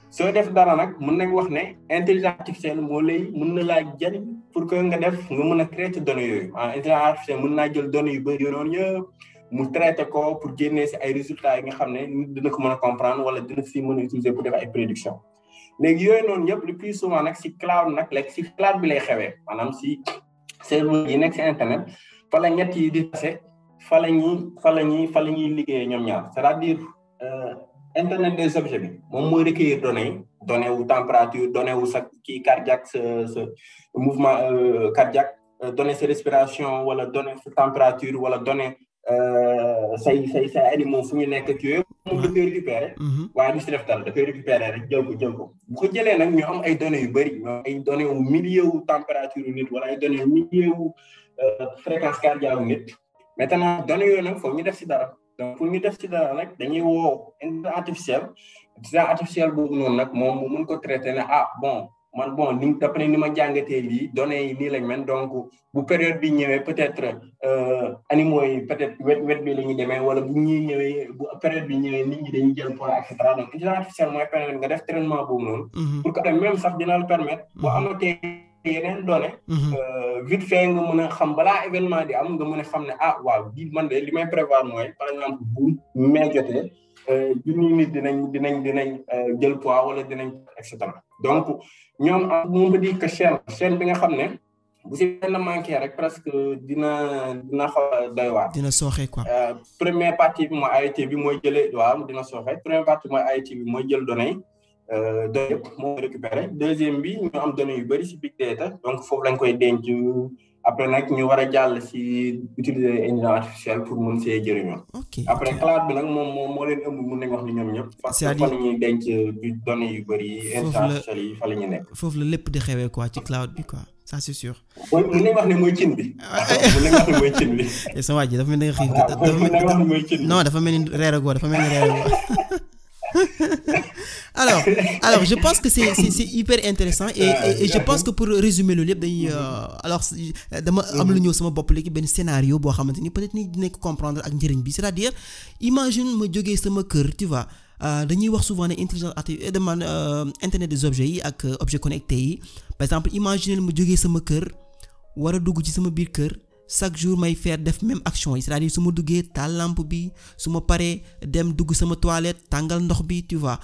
soo def dara nag mun nañ wax ne intelligence artificielle moo lay mën na laa jëriñ pour que nga def nga mën a traiter données yooyu ah intelligence artificielle naa jël données yu bëri yooyu mu traiter ko pour génnee si ay résultats yi nga xam ne dina ko mën a comprendre wala dina si mën a utiliser pour def ay prédiction léegi yooyu noonu yëpp le plus souvent nag si cloud nag léegi si bi lay xewee maanaam si serveur yi nekk si internet fa ñetti di tase fa la ñuy fa la ñi fa la ñuy liggéeyee ñoom ñaar c'est-à-dire Euh, internet des objets bi moom mooy recueillir données yi données wu température données wu sa kii cardiaque sa sa mouvement euh, cardiaque euh, données sa respiration wala données sa température wala données say say say animaux fu ñu nekk ak yooyu moom da koy récupérer mhm. waaye du si def dara da koy récupérer rek jël ko ko bu ko jëlee nag ñu am ay données yu bëri ay données wu milieu wu température yu nit wala ay données wu milieu wu fréquence cardiaque yu nit maintenant données yooyu nag foofu ñu def si dara donc pour ñu def ci dara nag dañuy woo intelligence artificielle intelligence artificielle boobu noonu nag moom mu ko traité ne ah bon man bon ni d'après ni ma jàngatee lii données yi nii lañ mel donc bu période bi ñëwee peut-être euh, animaux yi peut-être wet wet bi la ñuy demee wala bu ñuy ñëwee bu période bi ñëwee ni ñi dañuy jël poids et cetera donc intelligence artificielle mooy permettre nga def traitement boobu noonu. Mm-hmm. pour que même sax dina la permettre boo mm-hmm. amatee. yeneen données mhm. euh, vite fait nga mën a xam balaa événement di am nga mën a xam ne ah waaw bii man de li may prévoir mooy par exemple bu mai jotee euh, junni nit dinañ dinañ dinañ euh, jël poids wala dinañ et cetera donc ñoom am ah, di que chaîne chaîne bi nga xam ne bu si benn manqué rek presque dina dina xaw doy waar dina sooxe quoi première partie bi mooy AIT bi mooy jëlee waaw dina sooxe première partie bi mooy AIT bi mooy jël données yi Euh, données yëpp moo récupéré deuxième bi ñu am données yu bëri si big data donc foofu lañ koy denc après nag ñu war a jàll si utiliser intelligence artificielle pour mun see jëriñoo. ok après cloud bi nag moom moo moo leen ëmb mun nañu wax ñoom ñëpp. c'est-à-dire fa yu bëri. intelligence fa la ñuy nekk. foofu la lépp di xewee quoi ci cloud bi quoi ça c'est sûr. mooy wax ne mooy cin wax ne mooy cin bi. sa waa ji dafa mel ni nga xiif. Ah, dafa mel dafa mel ni reeragoo dafa mel ni reeragoo alors alors je pense que c'est c'est hyper ah, et, je pense que pour résumer loolu yëpp dañuy euh, alors dama am lu mhm. ñëw sama bopp léegi benn scénario boo xamante ni peut-être ni dinañ ko comprendre ak njëriñ bi c'est-à-dire imagine ma jógee sama kër tu vois euh, dañuy wax souvent ne intelligence artificielle euh, demande internet des objets yi ak objets connectés yi par exemple imagine ma jógee sama kër war a dugg ci sama biir kër chaque jour may faire def même action yi cest à su ma duggee taal lampe bi su ma paree dem dugg sama toilette tàngal ndox bi tu vois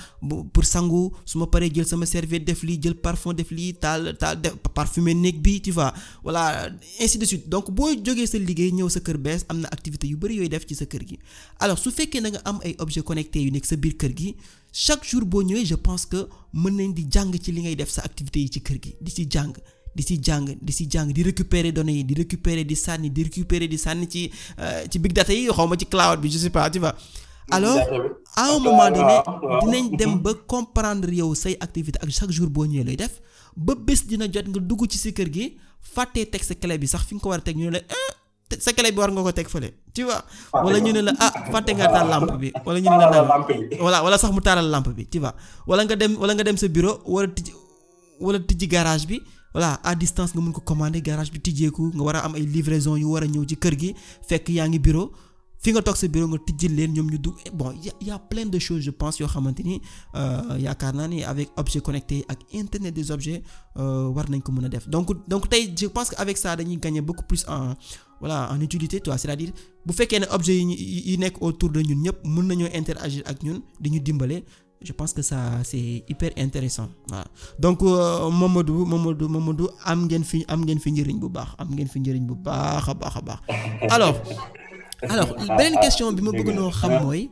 pour sangu su ma paree jël sama serviette def li jël parfum def lii taal taal def parfumer néeg bi tu vois voilà ainsi de suite donc booy jógee sa liggéey ñëw sa kër bees am na activité yu bëri yooyu def ci sa kër gi alors su fekkee na nga am ay objets connectés yu nekk sa biir kër gi chaque jour boo ñëwee je pense que mën nañ di jàng ci li ngay def sa activité yi ci kër gi di ci jàng di si jàng di si jàng di récupérer données yi di récupérer di sànni di récupérer di sànni ci euh, ci big data yi xaw ma ci cloud bi je sais pas tu vois alors moment dinañ dem mm-hmm. ba comprendre yow say activité ak chaque jour boo ñëwee lay def ba bés dina jot nga dugg ci si kër gi fàttee teg sa clé bi sax fi nga ko war a teg ñu ne la ah, sa clé bi war nga ko teg fële tu vois wala ñu ne la ah fàtte nga taal lampe bi wala ñu ne wala sax mu taalal lampe bi tu vois wala nga dem wala nga dem sa bureau wala tijji wala tijji garage bi voilà à distance nga mën ko commander garage bi tijjeeku nga war a am ay livraison yu war a ñëw ci kër gi fekk yaa ngi bureau fi nga toog sa bureau nga tijjil leen ñoom ñu du bon y a de choses je pense yoo xamante ni euh, yaakaar naa ni avec objet connecté ak internet des objets euh, war nañ ko mën a def donc donc tey je que avec ça dañuy gañe beaucoup plus en voilà en utilité tu vois c'est-à-dire bu fekkee ne objet yi yi nekk autour de ñun ñëpp mën nañoo interagir ak ñun di ñu dimbale je pense que ça c'est hyper intéressant voilà donc euh, Mamadou Mamadou Mamadou am ngeen fi am ngeen fi njëriñ bu baax am ngeen fi njëriñ bu baax a baax a baax alors alors beneen question bi ma bëggoon xam mooy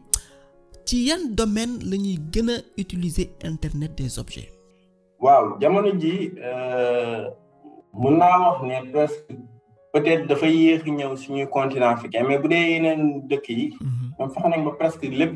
ci yan domaine la ñuy gën a utiliser internet des objets. waaw jamono ji euh, mën naa wax ne presque peut-être dafa yéex ñëw suñuy continent africain mais bu dee yeneen dëkk yi. Mhm. ñoom fexe nañ ba presque lépp.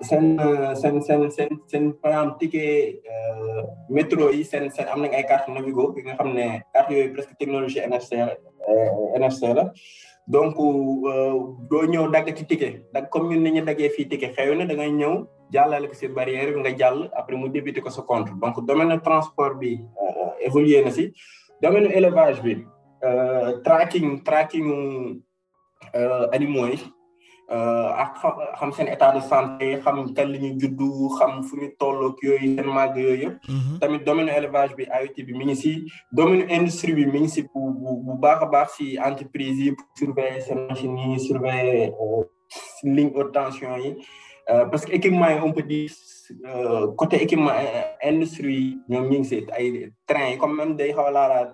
seen e, seen seen seen seen par exemple ticket e, métro yi seen seen am nañ ay carte Navigo yi nga xam ne carte yooyu presque technologie NFC e, NFC la donc doo ñëw dagg ci ticket dag comme ñun ni ñu daggee fii ticket xëy na da ngay ñëw jàllale ko si barrière bi nga jàll après mu débité ko sa compte donc domaine transport bi évolué na si domaine élevage bi tracking tracking animaux yi Euh, ak xam seen état de santé xam kan la ñu juddu xam fu ñu toll ak yooyu seen màgg yooyu yëpp. Mhm. tamit domaine élevage bi IoT bi mi ngi si domaine industrie bi mi ngi si bu bu baax a baax si entreprise yi pour surveiller seen machines yi surveiller euh, ligne haute tension yi euh, parce que équipement yi on peut dire. Euh, côté équipement euh, euh, industrie ñoom ñu ngi si ay train yi comme même day xaw a laalaat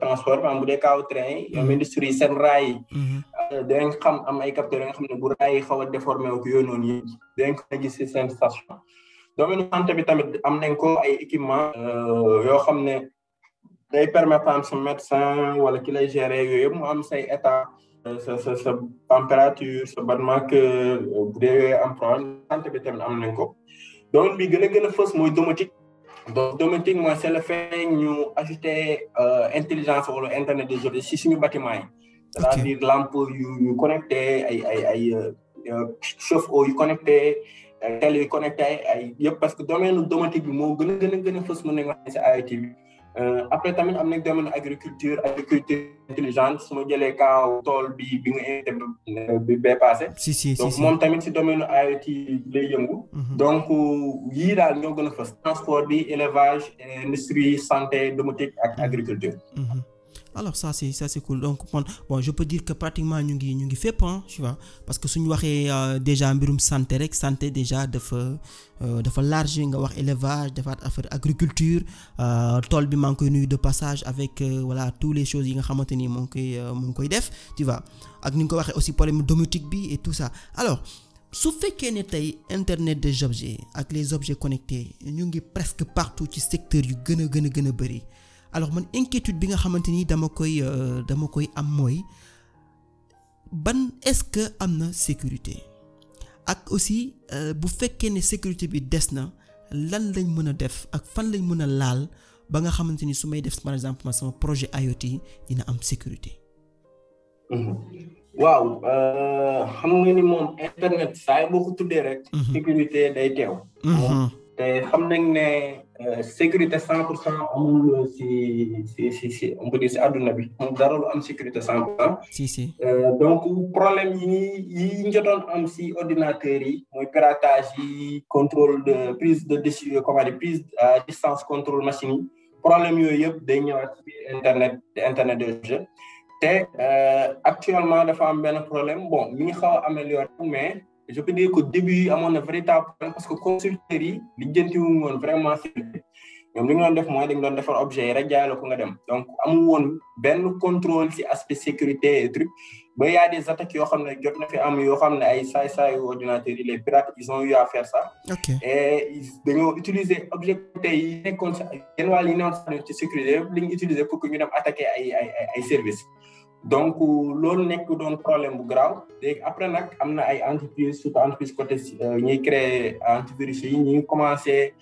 transport maanaam bu dee kaaw train yi ñoom mm-hmm. industrie yi seen raay yi mm-hmm. xam am ay capteurs yi nga xam ne bu raay yi xaw a déformé wu yooyu noonu yëpp dinañ ko gis si seen station domaine santé bi tamit am nañ ko ay équipement yoo xam ne day permettre am sa médecin wala ki lay gérer yooyu yëpp am say état sa sa sa température sa battement que bu dee tamit am nañ ko donc bi gën a gën a fës mooy domotique donc domotique mooy c'est le fait ñu ajouter euh, intelligence wala internet des objets si suñu bâtiment yi c'est-à-dire lampe yu yu connecté ay ay ay euh, euh, chauffe-eau yu connecté télé yu connecté ay yëpp parce que domaine domotique bi moo gën a gën gën a fës mën nañu wax Euh, après tamit am nañ domaine agriculture agriculture intelligente su ma jëlee kaaw tool bi bi nga invité bi bee passé. si si donc moom tamit si domaine IoT lay yëngu. Mhm. donc yii daal ñoo gën a fës. transport bi élevage industrie santé domotique ak agriculture. Mhm. alors ça c'est donc man bon je peux dire que pratiquement ñu ngi ñu ngi fépp tu vois parce que suñu waxee euh, déjà mbirum santé rek santé déjà dafa euh, dafa large nga wax élevage defaat affaire agriculture euh, tool bi maa ngi koy nuyu de passage avec voilà tous les choses yi nga xamante ni moo ngi koy moo ngi koy def tu ak ni nga ko waxee aussi problème domotique bi et tout ça alors su fekkee ne tey internet de objets ak les objets connectés ñu ngi presque partout ci secteur yu gën a gën a gën a bëri. alors man inquiétude bi nga xamante ni dama koy euh, dama koy am mooy ban est-ce que am na sécurité ak aussi euh, bu fekkee ne sécurité bi des na lan lañ mën a def ak fan lañ mën a laal ba nga xamante ni su may def par exemple ma sama projet IoT dina am sécurité. Mhm. waaw euh, xam nga ni moom internet saa boo ko tuddee rek. Mhm. sécurité day teew. Mhm. te xam nañ ne. Euh, sécurité cent pour cent amul euh, si si si si on si àdduna bi amul dara lu am sécurité cent pour cent si si euh, donc problème yi yi njotoon am si ordinateurs yi mooy piratage yi contrôle de prise de décision comment dire prise à distance contrôle machine yi problème yooyu yëpp day ñëwaat si internet internet de jeu te actuellement dafa am benn problème bon mi ngi xaw a mais je peux dire que début yi amoon na véritable tam parce que consulteurs yi lijjanti woon vraiment firnde ñoom li ñu doon def mooy dañu doon defar objet yi rek ko nga dem donc amul woon benn contrôle ci aspect sécurité et truc ba y je des attaques yoo xam ne jot na fi am yoo xam ne ay saay-saayu ordinateur yi les pirates ils ont eu à faire ça. ok et dañoo utiliser objet yi nekkoon sa yenn wàll yi nekkoon ci sécurité yëpp li ñu utiliser pour que ñu dem attaquer ay ay ay services. donc loolu nekk doon problème bu grave léegi après nag am na ay entreprise surtout entreprise côté euh, ñuy créer antivirus yi ñu ngi commencé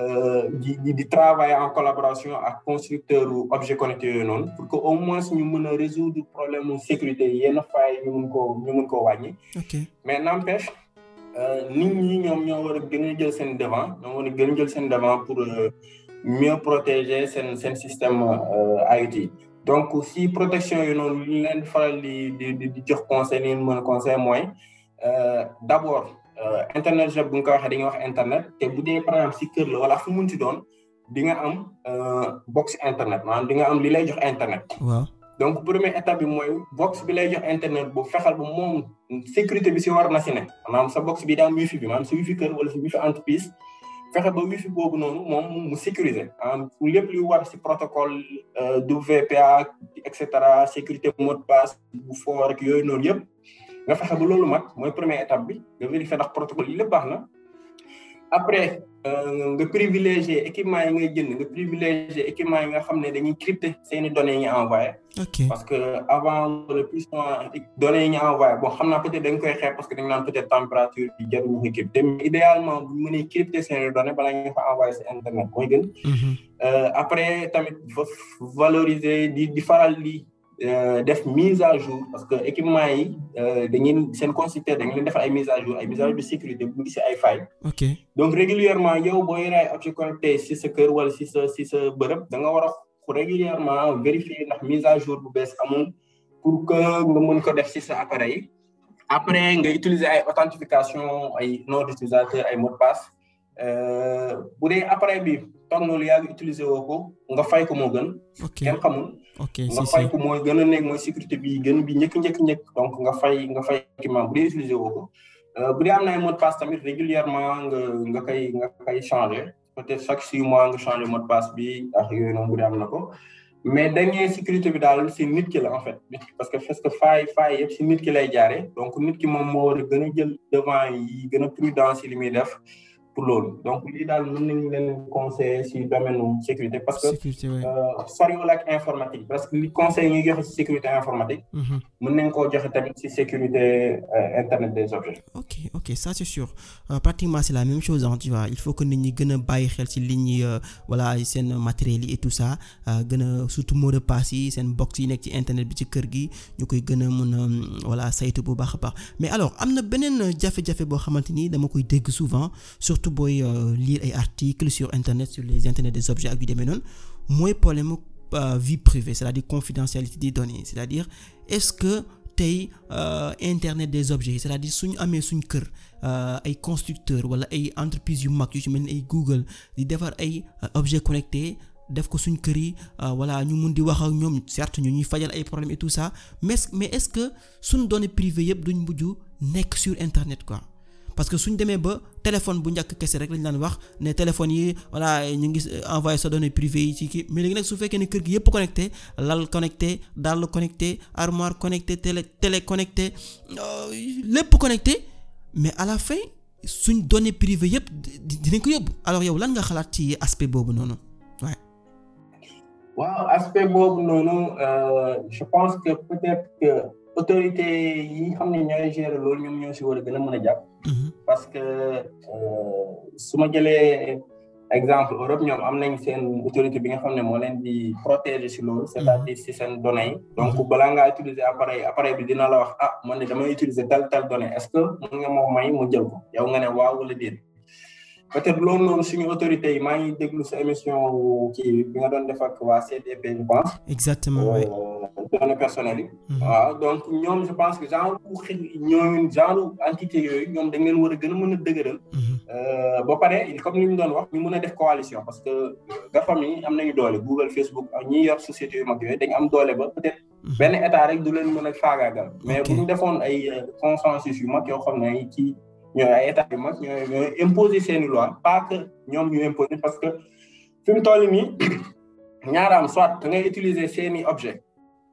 euh, di di travailler en collaboration ak constructeur objet connecté yooyu noonu pour que au moins ñu mun a résoudre problème mu sécurité yenn failles ñu mun ko ñu mun koo wàññi. mais n'empêche euh, nit ñi ñoom ñoo war a gën a jël seen devant ñoo war a gën a jël seen devant pour mieux protéger seen seen système IT. donc si protection yi noonu li ñu leen faral di di di jox conseil li ñu mën a conseil mooy euh, d' abord euh, internet job bu nga ko waxee dañuy wax internet te bu di par si kër la wala fu mu munti doon di nga am euh, box internet maanaam di nga am li lay jox internet. waaw donc première étape bi mooy box bi lay jox internet bu fexal ba moom sécurité bi si war na si ne maanaam sa box bi daa am wifi bi maanaam si wifi kër wala si wifi entreprise. fexe ba wifi boobu noonu moom mu sécuriser am lépp luy war si protocole euh, WPA et cetera sécurité mot de passe bu fort ak yooyu noonu yëpp nga fexe bu loolu mat mooy première étape bi nga vérifier ndax protocole yi lépp baax na après nga euh, privilégié équipement yi ngay nga privilégié équipement nga xam ne dañuy crypté seeni données yi envoyé. parce que avant le plus souvent données yi envoyé bon xam naa peut-être dañ koy xeeb parce que dañ naan température bi jarul ñu koy crypté idéalement bu ñu mënee crypté données balaa ñu fa envoyé si internet mooy mhm. euh, après tamit valoriser di di faral di. Euh, def mise à jour parce que équipement yi euh, dañuy seen constructeur dañ leen def ay mise à jour ay mise à jour de sécurité bu gisee ay failles. ok donc régulièrement yow boo yoree ay si sa kër wala si sa si sa bërëb da nga war a régulièrement vérifier ndax mise à jour bu bees amul pour que nga mën ko def si sa appareil après nga utiliser ay authentification ay nom d'utilisateur ay mot de passe euh, bu appareil bi toog na utiliser woo ko nga fay ko moo gën. kenn xamul. ok si si nga fay ko mooy gën a nekk sécurité bi gën bi njëkk njëkk njëkk donc nga fay nga fay équipement bu dee utilisé woo ko euh, bu dee am na ay mot tamit régulièrement nga nga koy nga koy changé peut-être chaque six mois nga changé mot de bi ak yooyu noonu bu dee na ko mais dernier sécurité bi daal si nit ki la en fait nit ki parce que parce que faay si nit ki lay jaare donc nit ki moom moo war a jël devant yi gën a prudent si li muy def. pour loolu donc lii daal mën nañu leen conseiller ci domaine sécurité parce que euh, soriwul informatique parce que conseil ñuy joxe sécurité informatique mhm. mën nañ koo joxe tamit ci sécurité euh, internet des objets ok ok ça euh, c'est la même chose hein tu vois il faut que nit ñi gën a bàyyi xel ci ligne yi voilà seen matériel yi et tout ça gën a surtout mot de yi seen box yi nekk ci internet bi ci kër gi ñu koy gën a mën a voilà saytu bu baax a baax mais alors am na beneen jafe-jafe boo surtout booy euh, lire ay articles sur internet sur les internet des objets ak yu demee noonu mooy problème euh, vie privée c'est-à-dire confidentialité des données c'est-à-dire est-ce que tey euh, internet des objets c'est-à-dire suñu amee suñ kër ay constructeurs wala ay entreprises yu mag yu ci mel ni ay Google di defar ay objets connectés def ko suñ kër yi voilà ñu mun di wax ak ñoom certes ñu ñuy fajal ay problèmes et tout ça mais mais est-ce que suñ données privées yëpp duñ mujj nekk sur internet quoi. parce que suñ demee ba téléphone bu njàkk kese rek lañ daan wax ne téléphone yi voilà ñu ngi envoyé sa données privées yi ci ki mais léegi nag su fekkee ne kër gi yëpp connecté lal connecté dàll connecté armoire connecté télé télé connecté euh, lépp connecté mais à la fin suñ données privées yëpp dinañ ko yóbbu alors yow lan nga xalaat ci aspect boobu noonu waaye. waaw aspect boobu noonu euh, je pense que peut que autorité yi xam ne ñooy gérer loolu ñoo si war a Mm-hmm. parce que euh, su ma jëlee exemple Europe ñoom am nañ seen autorité bi nga xam ne moo leen di protéger si loolu c'est-à-dire si seen données yi donc mm-hmm. balaa ngaa utiliser appareil appareil bi dina la wax a ah, man ne damay utiliser tal tal données est-ce que mun nga mu jël ko yow nga ne waaw wala déet peut-être loolu noonu suñu autorité yi maa ngi déglu sa émission ci bi nga doon def ak waa CDP je pense. exactement oui. données euh, personnelles yi. Mm-hmm. waaw donc ñoom je pense que genre ku xëy ñooñu genre ñoom dañ leen war a gën a mën a dëgëral. Mm-hmm. Euh, ba pare comme ni ñu doon wax ñu mën a def coalition parce que euh, GAFAM am nañu doole Google Facebook ñi yor société yu mag yooyu dañu am doole ba peut-être. Mm-hmm. benn état rek du leen mën a faagaagal. mais bu ñu defoon ay consensus yu mag yoo xam ne ci. ñooy ay état yu mag ñooy ñooy seeni loi pas que ñoom ñu imposer parce que fi mu toll nii ñaaraam soit da ngay utiliser seeni objet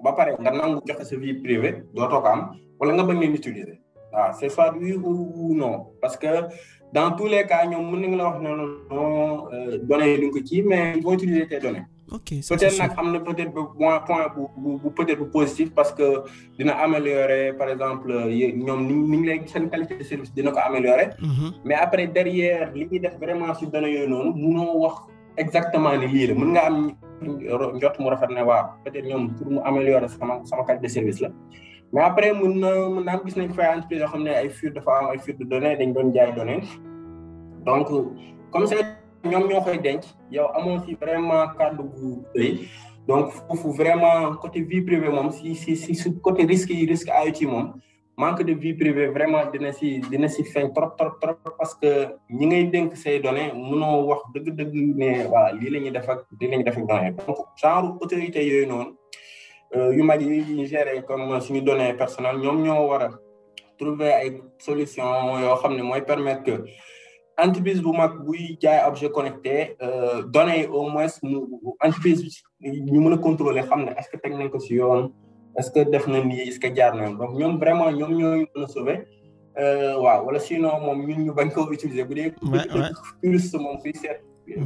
ba pare nga nangu joxe sa vie privée dootoo am wala nga bañ leen utiliser waaw c'est soit oui ou non parce que dans tous les cas ñoom mën nañu la wax ne non euh, données ci mais boo utiliser tes données ok peut-être nag am na peut-être point point bu bu bu positif parce que dina améliorer par exemple euh, ñoom ni ni ñu lay seen qualité de service dina ko améliorer. Mhm. mais après derrière li ñuy def vraiment si données yooyu noonu munoo wax exactement ni lii la nga am njot mu rafet ne waaw peut-être ñoom pour mu améliorer sama sama de service la. mais après mun na mun na am gis nañ fa entreprise yoo xam ne ay fuite dafa am ay fuite de données dañ doon donc comme ça. ñoom ñoo koy denc yow amoo si vraiment kàddu gu doy donc foofu vraiment côté vie privée moom si si si su côté risque yi risque ayu ci moom manque de vie privée vraiment dina si dina si feeñ trop trop trop parce que ñi ngay dénk say données mënoo wax dëgg-dëgg ne voilà lii la ñuy def ak lii def ak données donc genre autorité yooyu noonu euh, yu mag yi ñu gérer comme suñu données personnelles ñoom ñoo war a trouver ay solution yoo xam ne mooy permettre que entreprise bu mag buy jaay objet connecté euh, données yi au moins mu entreprise bi ñu mën a contrôler xam ne est-ce que teg nañ ko si yoon est-ce que def na nii est-ce que jaar na donc ñoom vraiment ñoom ñooy mën a sauver euh, waaw wala sinon moom ñun ñu bañ koo utiliser bu dee. waaw waaw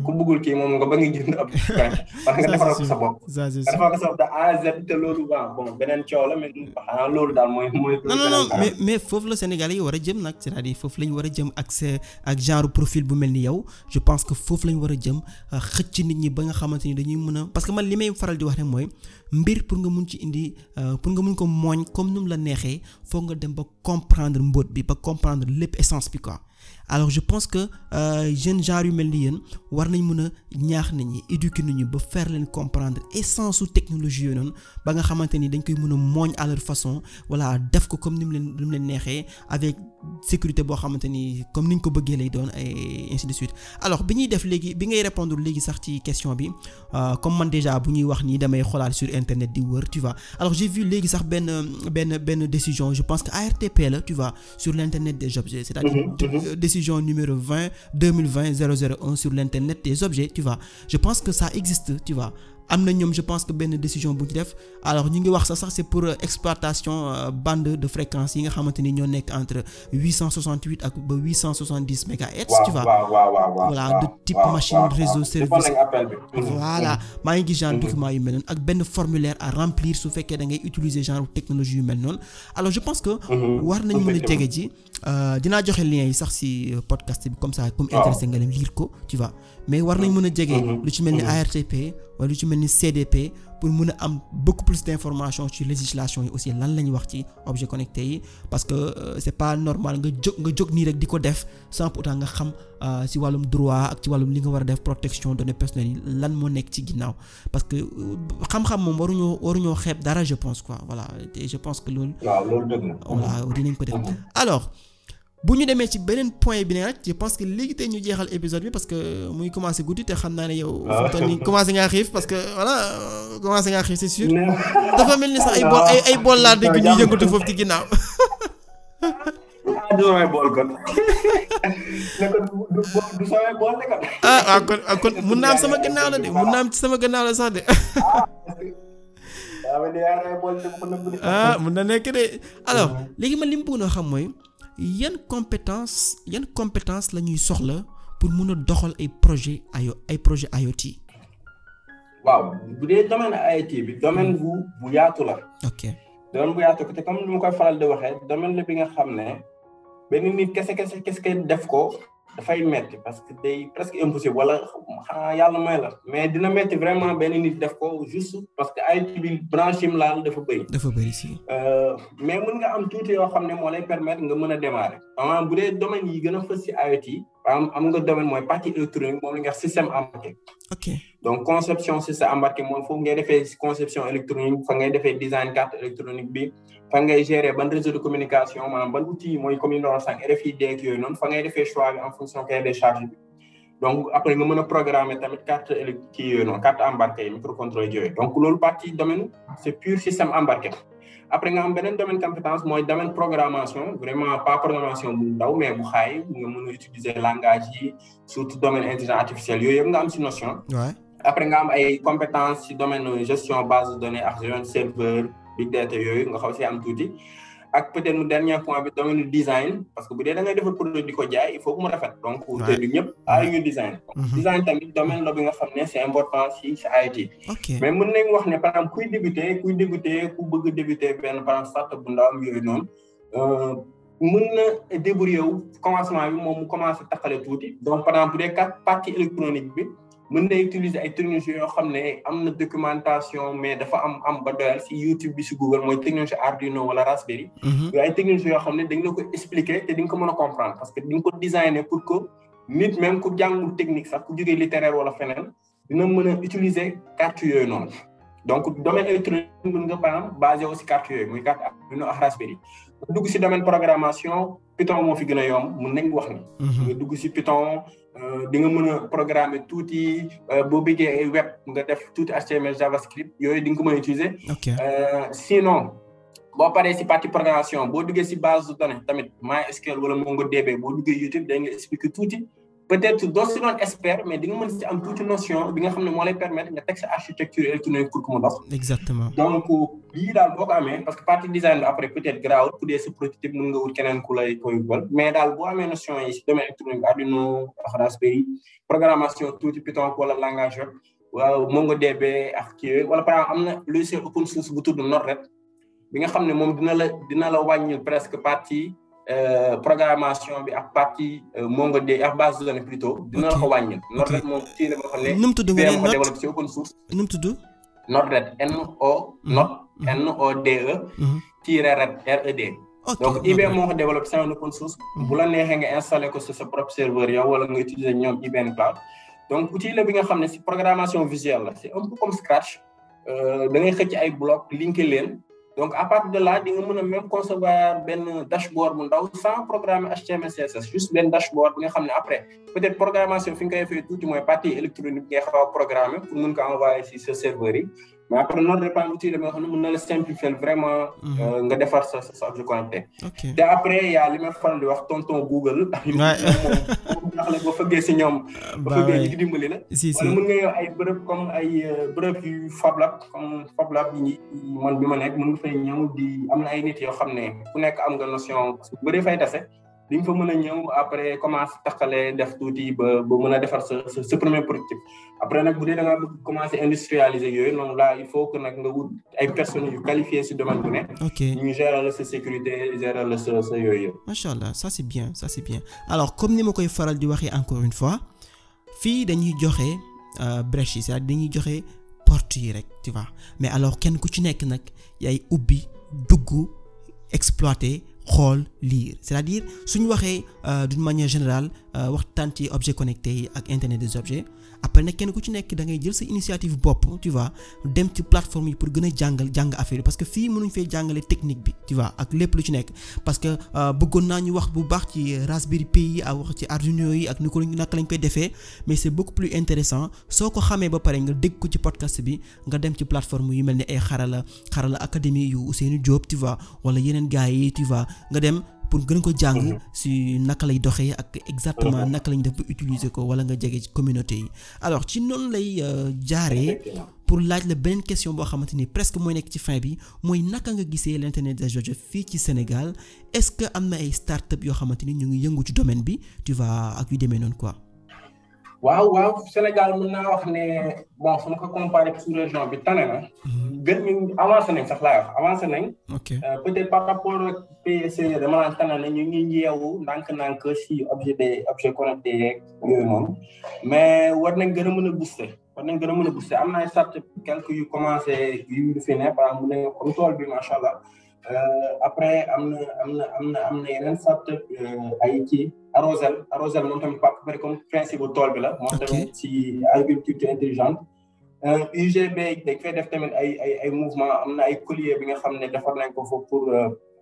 ku bëggul kii moom nga ba nga jënd ab gàncax. parce que defaral te loolu waaw bon beneen coow la mais foofu la sénégal yi war a jëm nag c'est-à-dire foofu la ñu war a jëm ak ak genre profile bu mel ni yow je pense que foofu lañu war a jëm euh, xëcc nit ñi ba nga xamante ni dañuy mën a parce que man li may faral di wax rek mooy mbir pour nga mun ci indi euh, pour nga mun ko mooñ comme nu la neexee foog nga dem ba comprendre mbóot bi ba comprendre lépp essence bi quoi. alors je pense que euh, jeune genre yu mel ni yéen war nañ mën a ñaax nañ nañu éduquer ñu ba faire leen comprendre essence su technologie yooyu noonu ba nga xamante ni dañ koy mën a mooñ à leur façon voilà def ko comme ni mu leen ni mu leen neexee avec sécurité boo xamante ni comme ni ñu ko bëggee lay doon et ainsi de suite alors bi ñuy def léegi bi ngay répondre léegi sax ci question bi euh, comme man déjà bu ñuy wax nii damay xoolaat sur internet di wër tu vois alors j'ai léegi sax benn benn benn décision je pense que ARTP la tu vois sur l'internet des objets cest décision numéro 20 2020 001 sur l'internet des objets tu vois je pense que ça existe tu vois am na ñoom je pense que benn décision bu ñu def alors ñu ngi wax sax sax c'est pour euh, exploitation euh, bande de fréquence yi nga xamante ni ñoo nekk entre 868 ak ba 870 mégahertz tu vois voilà de type machine réseau service voilà mhm. maa ngi gis genre mhm. document yu mel noonu ak benn formulaire à remplir su fekkee dangay ngay utiliser genre technologie yu mel noonu alors je pense que mhm. war nañu mën a jege ji euh, dinaa joxe lien yi sax ci podcast bi comme ça comme intéressé nga leen lire ko tu vois mais war nañ mën a jege. Mhm. lu ci mel ni mhm. ARTP wala lu ci mel ni CDP pour mën a am beaucoup plus d'informations ci législation yi aussi lan la ñuy wax ci objet connecté yi parce que euh, c'est pas normal nga jóg nga jóg nii rek di ko def sans pourtant nga xam euh, ci wàllum droit ak ci wàllum li nga war a def protection données personnelles yi lan moo nekk ci ginnaaw parce que euh, xam-xam moom waruñoo waruñoo xeeb dara je pense quoi voilà et je pense que loolu. waaw loolu dëgg la. ko def mhm. bu ñu demee ci beneen point bi ne rek je que léegi tey ñu jeexal épisode bi parce que euh, muy commencé guddi te xam naa ne yow. waaw ah. toll nii commencé ngaa xiif parce euh, dafa mel ni ay bool ay bool laa dégg ñuy yëngatu ci ginnaaw. bool ah, ah, kon. mun naa am sama gannaaw la de mun naa am ci sama gannaaw la sax de. ah mun na nekk de alors mm-hmm. léegi man li mu bëggoon a xam mooy. yan compétence yan compétence la ñuy soxla pour mun a doxal ay projet ayo ay projet IoT. waaw bu dee domaine IoT bi domaine hmm. bu bu yaatu la. ok domaine bu yaatu te comme lu ma koy faral di waxee domaine la bi nga xam ne benn nit kese kese kese def ko dafay metti parce que day presque impossible wala xanaa yàlla may la mais dina metti vraiment benn nit def ko juste parce que ay ci branche yim dafa bëri. dafa bëri si. Euh, mais mën nga am tout yoo xam ne moo lay permettre nga mën a démarrer. maanaam bu dee domaine yi gën a si IoT am am nga domaine mooy partie électronique moom la ñuy wax système embarqué. ok donc conception système embarqué moom foofu ngay defee conception électronique fa ngay defee design carte électronique bi. fan ngay gérer ban réseau de communication maanaam ban outil mooy comme ni doon sànq RFID ak yooyu noonu fa ngay en fonction cahier des charges bi donc après nga mën a programmer tamit carte électrique kii yooyu noonu carte embarquée microcontrôleur yooyu donc loolu partie domaine c' est pur système embarqué après nga am beneen domaine compétence mooy domaine programmation vraiment pas programmation bu ndaw mais bu xaay nga mën a utiliser langage yi surtout domaine intelligence artificielle yooyu yëpp nga am si big data yooyu nga xaw si am tuuti ak peut mu dernier point bi domaine design parce que bu dee da ngay defar produit di ko il faut que mu rafet donc te du ñëpp aayuñu design mhm. design tamit domaine la bi nga xam ne important si si IT mais mën nañ wax ne par kuy débuter kuy débuter ku bëgg débuter benn par exemple start bu ndawam yooyu noonu euh, mën na débrouiller wu commencement bi mu commencé taxale tuuti donc par exemple bu dee partie bi mën na utiliser ay technologies yoo xam ne am na documentation mais dafa am am ba doyal si YouTube bi si Google mooy technologie Arduino wala Raspberry. Mhm. yooyu ay technologies yoo xam ne da la ko expliquer te di nga ko mën a comprendre parce que di nga ko designer pour que nit même ku jàngul technique sax ku jógee littéraire wala feneen dina mën a utiliser carte yooyu noonu. donc domaine électronique mën nga baam basé aussi carte yooyu muy carte a ak Raspberry dugg si domaine programmation. Python moo fi gën a yomb mun nañ wax ni mhm. nga dugg si Python euh, di nga mën a programmer tuuti euh, boo bëggee ay web nga def tuuti HTML JavaScript yooyu di nga ko mën a utiliser. Euh, sinon boo paree si parti programmation boo duggee si base de données tamit MySQL wala MongoDB boo duggee YouTube day nga expliquer tuuti. peut-être doo si doon expert mais di nga si am tuuti notion bi xam ne moo lay permettre nga teg architecture électronique pour que exactement donc daal boo ko parce que partie design bi après peut-être garaawul ku dee sa prototype mën nga wut keneen ku lay koy wal mais daal boo amee notion yi domaine électronique bi Arduino ak programmation tuuti Python wala langage web waaw MongoDB ak wala par am na logiciel open source Euh, programmation bi ak parti euh, MongoDB ak base de la ko wàññil. Node.js moom kii la boo xam ne. mu tudd nga ne Node développé ci open source. nu mu tudd. O. Mhm. Node mhm. N O D E. Mhm. tiret RED. donc moo ko développé c'est un open bu la neexee nga installé ko sur sa propre serveur yow wala nga utiliser ñoom IBM Cloud. donc outil la bi nga xam ne si programmation visuelle la c'est un peu comme Scratch euh, da ngay xëcc ay blocs linké leen. donc à partir de là di nga mën a même concevoir benn dashboard bu ndaw sans programme HTML CSS juste benn dashboard bi nga xam ne après peut-être programmation fi nga koy fay tuuti mooy partie électronique ngay xaw a pour mën ko envoyer si sa serveur yi mais après non répartitive la nga xam na la simplifier vraiment. Mhm. Euh, nga defar sa sa connecté. ok te après y' a li ma faral di wax tonton Google. waay moom ndax la ba fëggee si ñoom. ba fëggee ñu dimbali la. si si wala mën nga yow ay bërëb comme ay euh, bërëb yu Fab Lab comme Fab yi man bi ma nekk mën nga fay ñëw di am na ay nit yoo xam ne ku nekk am nga notion su bëree fay tase. di nga fa mën a ñëw après commencé taxalee def tuuti ba ba mën a defar sa sa premier productif après nag bu dee da ngaa bëgg commencé industrialiser yooyu noonu là il faut que nag nga wut ay personnes yu qualifiées si domaine bu ne. ñu gérer la sa sécurité gérer la sa sa yooyu yëpp. macha allah ça c'est bien ça c'est bien alors comme ni ma koy faral di waxee encore une fois fii dañuy joxe euh, brèche yi cest à dañuy joxe porte yi rek tu vois mais alors kenn ku ci nekk nag yaay ubbi dugg xool lire c'est-à-dire suñu waxee euh, d'une manière générale euh, waxtaan ci objet connecté yi ak internet des objets après na kenn ku ci nekk da ngay jël sa initiative bopp tu vois dem ci plateforme yi pour gën a jàngal jàng affaire parce que fii mënuñ fee jàngale technique bi tu ak lépp lu ci nekk parce que euh, bëggoon naa ñu wax bu baax ci Raspberry Pi yi ak wax ci Arduino yi ak ni ko naka lañ koy defee mais c'est beaucoup plus intéressant soo ko xamee ba pare nga dégg ko ci podcast bi nga dem ci plateforme yu mel ni ay xarala xarala académie yu Ousseynou Diop tu vois wala yeneen gars yi tu nga dem pour gën ko jàng mhm. si naka lay doxe ak exactement mhm. naka lañ def ba utiliser ko wala nga jege communauté yi alors ci noonu lay euh, jaare pour laaj la beneen question boo xamante ni presque mooy nekk ci fin bi mooy naka nga gisee l'internet des jeux fii ci Sénégal est-ce que am na ay start-up yoo xamante ni ñu ngi yëngu ci domaine bi tu vois ak yu demee noonu quoi waaw waaw Sénégal mën naa wax ne bon su ma ko comparé ak sous région bi tane na. Mhm. gën ñu avancé nañ sax avancé nañ. Euh, peut-être par rapport ak PSE dama naan tane na ñu ngi yeewu ndànk-ndànk si objet des objets connectés yeeg yooyu mais war nañ gën a mën a booster war nañ gën a mën a booster am na ay start yu commencé yu fi ne par exemple mu ne comme tool bi macha allah. Euh, après am na am na am na am na yeneen sorte euh, ay ci arrosel arrosel moom tamit ba pare comme principe bu tool bi la. moom tamit ci agriculture intelligente. UGB euh, dañ fay def tamit ay ay ay mouvement am na ay collier bi nga xam ne defar nañ ko foofu pour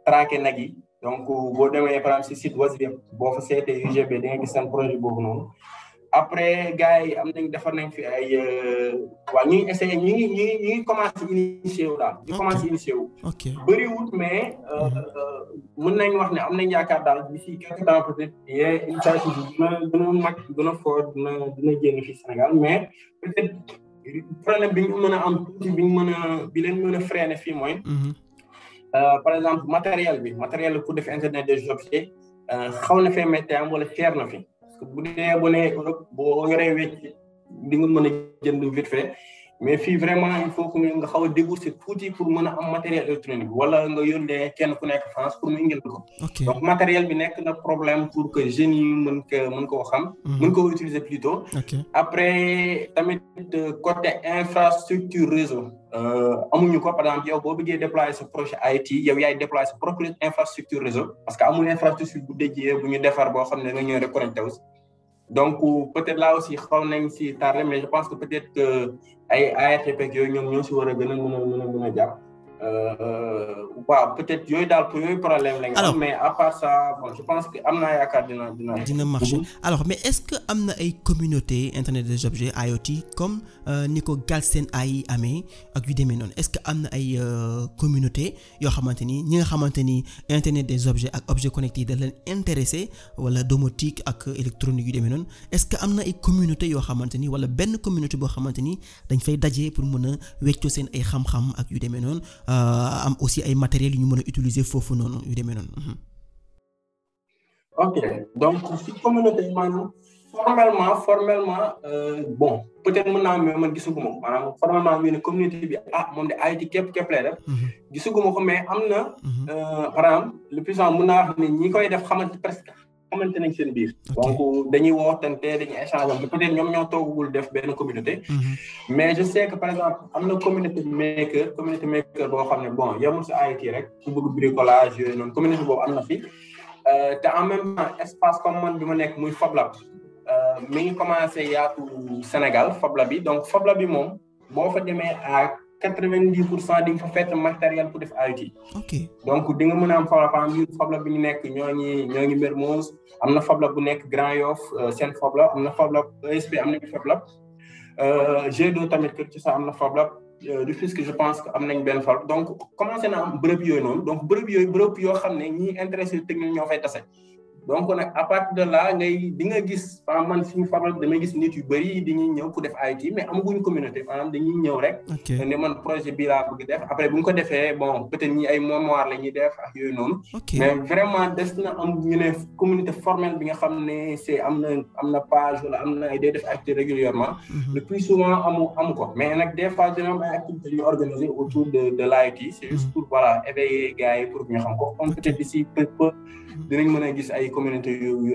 traquer nag yi donc boo demee par exemple si site Wazirep boo fa seetee UGB da nga seen projet boobu noonu. après gars yi am nañ defar nañ fi ay euh, waa ñu ngi essayé ñu ngi ñu ngi ñu ngi wu daal. ñu commencé initié wu. ok bëriwut mais euh, mhm. euh, mën nañ wax ne am nañ yaakaar daal d'ici quelque temps peut être yee initiative bi dina dina mag dina fort dina dina génn fii Sénégal mais peut être bi ñu mën a am tuuti bi ñu mën a bi leen mën a freiné fii mooy. Mhm. par exemple matériel bi matériel ku def internet des objets xaw na fee métti am wala cher na fi. parce que bu dee bu nee Europe boo yoree wecc di nga mën a jënd vite fait mais fii vraiment il faut que nga xaw a débourser tuuti pour mën a am matériel électronique wala nga yónnee kenn ku nekk France pour mu indil ko. donc matériel bi nekk na problème pour que jeunes yi mën ko koo xam. Hmm. mën koo utiliser plutôt. après tamit côté infrastructure réseau. Euh, amuñu ko par exemple yow boo bëggee déployer sa projet IT yow yaay déployer sa propre infrastructure réseau parce que amul infrastructure bu dédiée bu defar boo xam ne nga ñëw rek connecté wu donc peut-être là aussi xaw nañ si tardé mais je pense que peut-être euh, ay ARTP yooyu ñoom ñoo si war a gën a mën a mën a mën a jàpp. Euh, waaw peut yooyu daal pour yooyu problème la mais à part bon je pense que am naa yaakaar dina dina. marché alors mais est-ce que am na ay communauté internet des objets IoT comme. Euh, ni ko seen ay amee ak yu demee noonu est-ce que am na ay euh, communauté yoo xamante ni ñi nga xamante ni internet des objets ak objets connectés da leen intéressé wala domotique ak électronique yu demee noonu est-ce que am na ay communauté yoo xamante ni wala benn communauté boo xamante ni dañ fay daje pour mën a weccoo seen ay xam-xam ak yu demee noonu euh, am aussi ay matériels yu ñu mën a utiliser foofu noonu yu demee noonu. Mhm. formellement formellement euh, bon peut-être mën naa mais man gisaguma ko maanaam formellement ñu ne communauté bi ah moom de ayiti képp képp lay def. Mhm. gisaguma ko mais am na. Mhm. Euh, par exemple le plus souvent mën naa wax ne ñi koy def xamante presque xamante nañ seen biir. donc dañuy wootante dañuy échanger peut-être ñoom ñoo toogagul def benn communauté. Mhm. mais je sais am na communauté maker communauté boo xam ne bon yemul si ayiti rek ku bëgg bricolage yooyu noonu communauté boobu am na euh, espace comme man bi ma nekk muy Fab Lab Euh, mi ngi commencé yaatu Sénégal Fabla bi donc Fabla bi moom boo fa demee à quatre-vingt-dix pour cent di nga fa fekk matériel pour def IoT. ok donc di nga mën am Fabla par Fabla bi ñu nekk ñoo ngi ñoo ngi Mermoz am na Fabla bu nekk Grand Yoff euh, seen Fabla am na Fabla ESP am nañu Fabla euh, G2 tamit kër ci sax am na Fabla Rufisque je pense que am nañ benn Fabla donc commencé na am bërëb yooyu noonu donc bërëb yooyu bërëb yoo xam ne ñi intéressé technique ñoo fay tase. donc nag à partir de la ngay di nga gis par man suñu faral damay gis nit yu bëri dañuy ñëw ku def ay kii mais amaguñ communauté maanaam dañuy ñëw rek. ok ne man projet bii laa bëgg def après bu ñu ko defee bon peut être ñi ay mémoire la ñuy def ak yooyu noonu. mais vraiment des na am ñu ne communauté formelle bi nga xam ne se am na am na page wala am na ay day def activité régulièrement. Mhm. le plus souvent amu am ko mais nag des fois dina am ay activités yu organisées autour de de l' IT. c' est juste mhm. xam ko on dinañ mën a gis ay communauté yu yu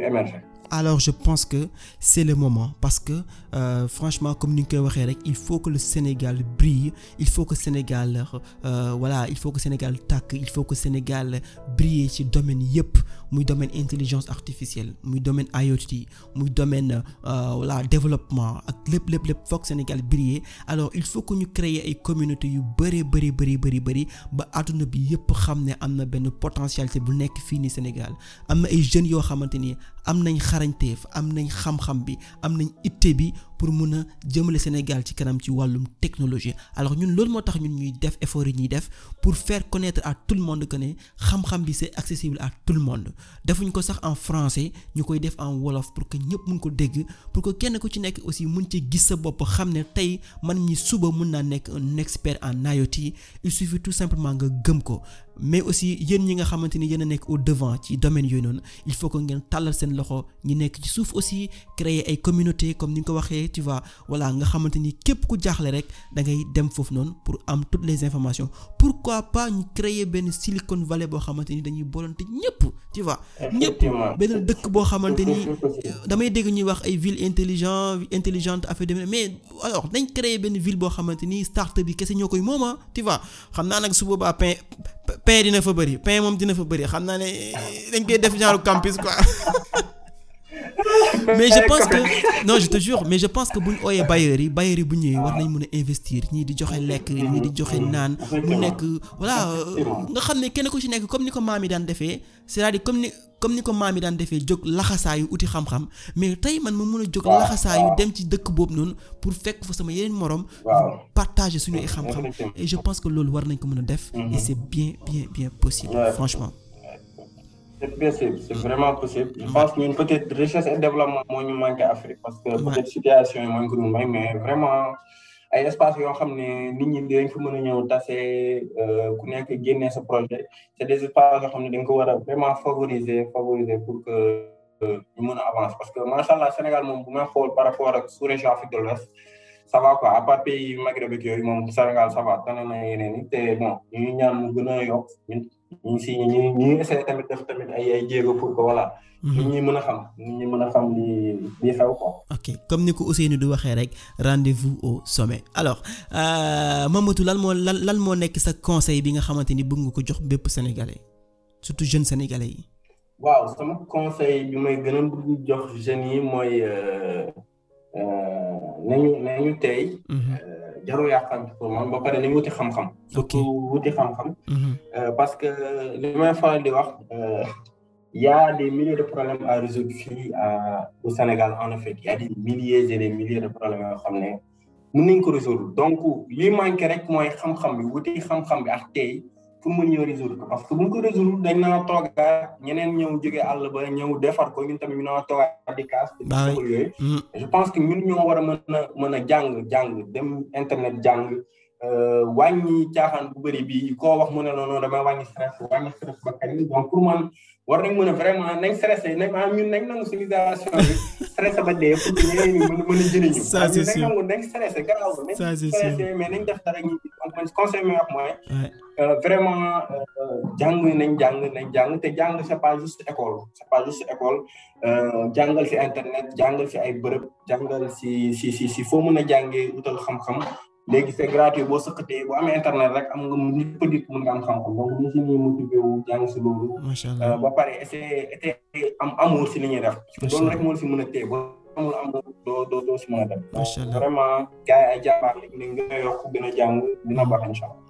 alors je pense que c'est le moment parce que euh, franchement comme ni ñu koy waxee rek il faut que le Sénégal brille il faut que Sénégal euh, voilà il faut que Sénégal tàkk il faut que Sénégal brille ci domaine yépp muy domaine intelligence artificielle muy domaine IoT muy domaine euh, voilà développement ak lépp lépp lépp foog Sénégal brille alors il faut que ñu créer ay communautés yu bëree bëri bëri bëri bëri ba àdduna bi yépp xam ne am na benn potentialité bu nekk fii nii Sénégal am na ay jeunes yoo xamante ni am nañ xarañteef am nañ xam-xam bi am nañ itte bi pour mun a jëmale Sénégal ci kanam ci wàllum technologie alors ñun loolu moo tax ñun ñuy def effort yi ñuy def pour faire connaître à tout le monde que ne xam-xam bi c'est accessible à tout le monde defuñ ko sax en français ñu koy def en wolof pour que ñëpp mun ko dégg pour que kenn ku ci nekk aussi mun ci gis sa bopp xam ne tey man ñi suba mun naa nekk un expert en IoT il suffit tout simplement nga gëm ko mais aussi yéen ñi nga xamante ni yéen a nekk au devant ci domaine yooyu noonu seen loxo ñi nekk ci suuf ni nga ko waxee jaaxle tu vois voilà nga xamante ni képp ku jaaxle rek da ngay dem foofu noonu pour am toutes les informations pourquoi pas ñu créer benn Silicon Valley boo xamante ni dañuy bolonte ñëpp tu vois. ñëpp benn dëkk boo xamante ni damay dégg ñuy wax ay ville intelligent intelligente affaire de mais alors dañ créer benn ville boo xamante ni start-up bi kese ñoo koy moom ah, tu vois xam naa nag su boobaa pain pain dina fa bëri pain moom dina fa bëri xam naa ne dañ koy def genre campus quoi. mais je pense que non je te mais je pense que bu ñu ooyee bailleurs yi bailleurs bu ñëwee war nañ mën a investir ñi di joxe lekk ñii di joxe naan mu nekk voilà nga xam ne kenn ku ci nekk comme ni ko maam yi daan defee cest comme ni comme ni ko maam yi daan defee jóg laxasaayu uti xam-xam mais tey man ma mën a jóg laxasaayu dem ci dëkk boobu noonu pour fekk fa sama yeneen morom partager suñu ay xam-xam et je pense que loolu war nañ ko mën a def et mhm. c'est bien bien bien possible franchement C'est possible, c'est vraiment possible. Je pense que peut-être richesse et développement moo ñu Afrique parce que peut-être situation yi moo ñu may vraiment ay espace yoo xam ne nit ñi dañ fa mën a ñëw tase euh, ku nekk génnee sa projet c'est des espaces yoo xam ne dañ ko war a vraiment favoriser favoriser pour que euh, ñu mën parce que macha allah Sénégal moom bu may xool par rapport ak sous-région Afrique de l'Ouest ça va quoi part pays Maghreb ak yooyu moom Sénégal ça va tane yeneen yi te bon a yokk ñu ngi si ñu ngi ñu tamit def tamit ay jéego pour que voilà. Mhm. nit ñi mën a xam nit ñi mën a xam li li xew ko. ok comme ni ko Ousseynou du waxee rek rendez-vous au sommet alors euh, Mamadou lan moo lan lan moo nekk sa conseil bi nga xamante ni bëgg nga ko jox bépp sénégalais surtout jeunes sénégalais yi. waaw sama conseil bi may gën a jox jeunes yi mooy euh, euh, nañu nañu tey. Mhm. jarul yàqamti ko moom ba wuti xam-xam. surtout wuti xam-xam. Mhm. Euh, parce que li may faral di wax. Euh, y a des milliers de problèmes à résoudre fii au Sénégal en effet y a de problèmes yoo xam ne mën nañ ko résoudre donc li manqué rek mooy xam-xam bi wuti xam-xam bi ak tey. pour mën ñëw résoudre ko parce que bu ñu ko résoudre dañ naa toogaat ñeneen ñëw ba ñëw defar ko ñun tamit ñu naa toogaat di kaas mm. je pense que ñun ñoo war a mën a mën a jàng jàng dem internet jàng euh, wàññi caaxaan bu bëri bi koo wax mu ne la non damay wàññi stress wàññi stress ba kañ donc pour man war nañ mën a vraiment nañ stressé nañ maanaam ñun nañ nangu civilisation bi stressé ba dee pour ñeneen ñi mën mën a jëriñu. ça c'est sûr nañ nangu nañ stressé garaaw def dara ñu conseil mi wax mooy. Euh, vraiment euh, jàng nañ jàng nañ jàng te jàng c'est pas juste école c'est pas juste école euh, jàngal si internet jàngal si ay bërëb jàngal si si ci ci foo mën a jàngee utal xam-xam. léegi c'est gratuit boo sëkkatee boo amee internet rek am nga ñëpp dit mën nga am xam-xam donc ñu euh, ba pare essayer essayer am amour si li ñuy def loolu mën a téye allah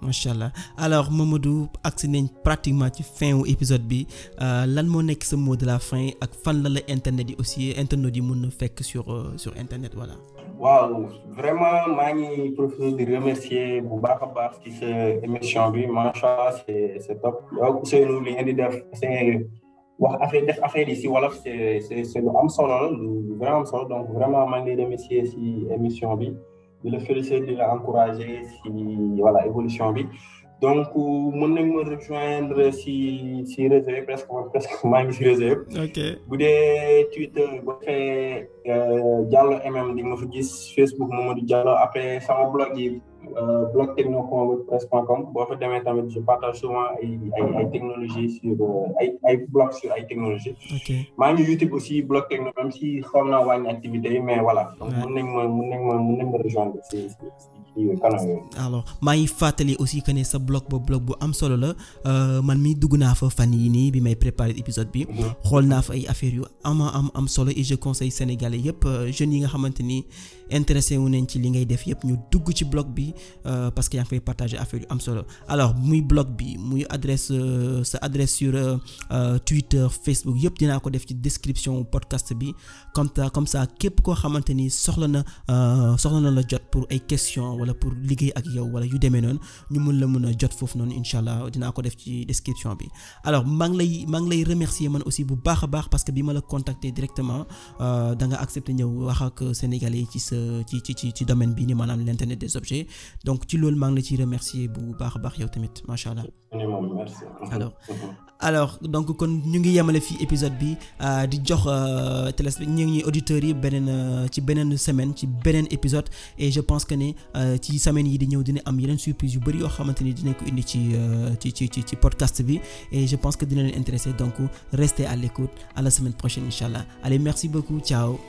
macha allah alors Mamadou agsi nañ pratiquement ci fin wu épisode bi euh, lan moo nekk sa moo de la fin ak fan la la internet yi aussi internet yi mën na fekk sur euh, sur internet voilà waaw vraiment maa ngi profité di remercier bu baax a baax ci sa émission bi macha allah c'est c'est top yow Ousseynou li ngeen di def c'est wax affaire def affaire yi si wolof c'est c'est c'est am solo la vraiment am solo donc vraiment maa ngi si émission bi di la féliciter di la encourager si voilà évolution bi. donc mën nañ ma rejoindre si si réseau yi ma presque maa ngi si ok bu dee Twitter boo fee euh, Diallo MM di nga ma fa gis Facebook Mamadou Diallo après sama blog yi. Euh, blog techno.wordpress.com boo fa demee tamit je partage souvent ay ay ay technologies euh, sur ay ay blogs sur ay technologies. ok maa ngi YouTube aussi blog techno même si xaw naa wàññi activité yi mais voilà. donc mën nañ ma mën nañ ma mën nañ ma maa ngi fàttali aussi que ne sa blog ba blog bu am solo la euh, man mi dugg naa fa fan yi nii bi may préparer épisode bi. Mhm. xool naa fa ay affaires yu ama am solo et je conseille sénégalais yëpp yi nga xamante ni. intéressé wu nañ ci li ngay def yëpp ñu dugg ci blog bi euh, parce que yaa ngi fay partager affaire yu am solo alors muy blog bi muy adresse euh, sa adresse sur euh, Twitter Facebook yëpp dinaa ko def ci description podcast bi comme comme ça képp koo xamante ni soxla na soxla na la jot pour ay questions wala pour liggéey ak yow wala yu demee noonu ñu mun la mun a jot foofu noonu incha allah dinaa ko def ci description bi alors maa ngi lay maa ngi lay remercier man aussi bu baax a baax parce que bi ma la contacter directement da nga ñëw wax ak sénégalais ci sa. ci ci ci ci domaine bi ni maanaam l'internet des objets donc ci loolu maa ngi la ciy remercier bu baax a baax yow tamit macha allah. alors donc kon ñu ngi yemale fii épisode bi euh, di jox euh, télé ñu ngi auditeurs yi beneen euh, ci beneen semaine ci beneen épisode je pense que ne ci semaine yi di ñëw dina am yeneen surprise yu bari yoo xamante ni dinañ ko indi ci ci ci ci podcast bi et je pense que dina leen intéresser donc restez à l'écoute à la semaine prochaine incha allah allez merci beaucoup ciao.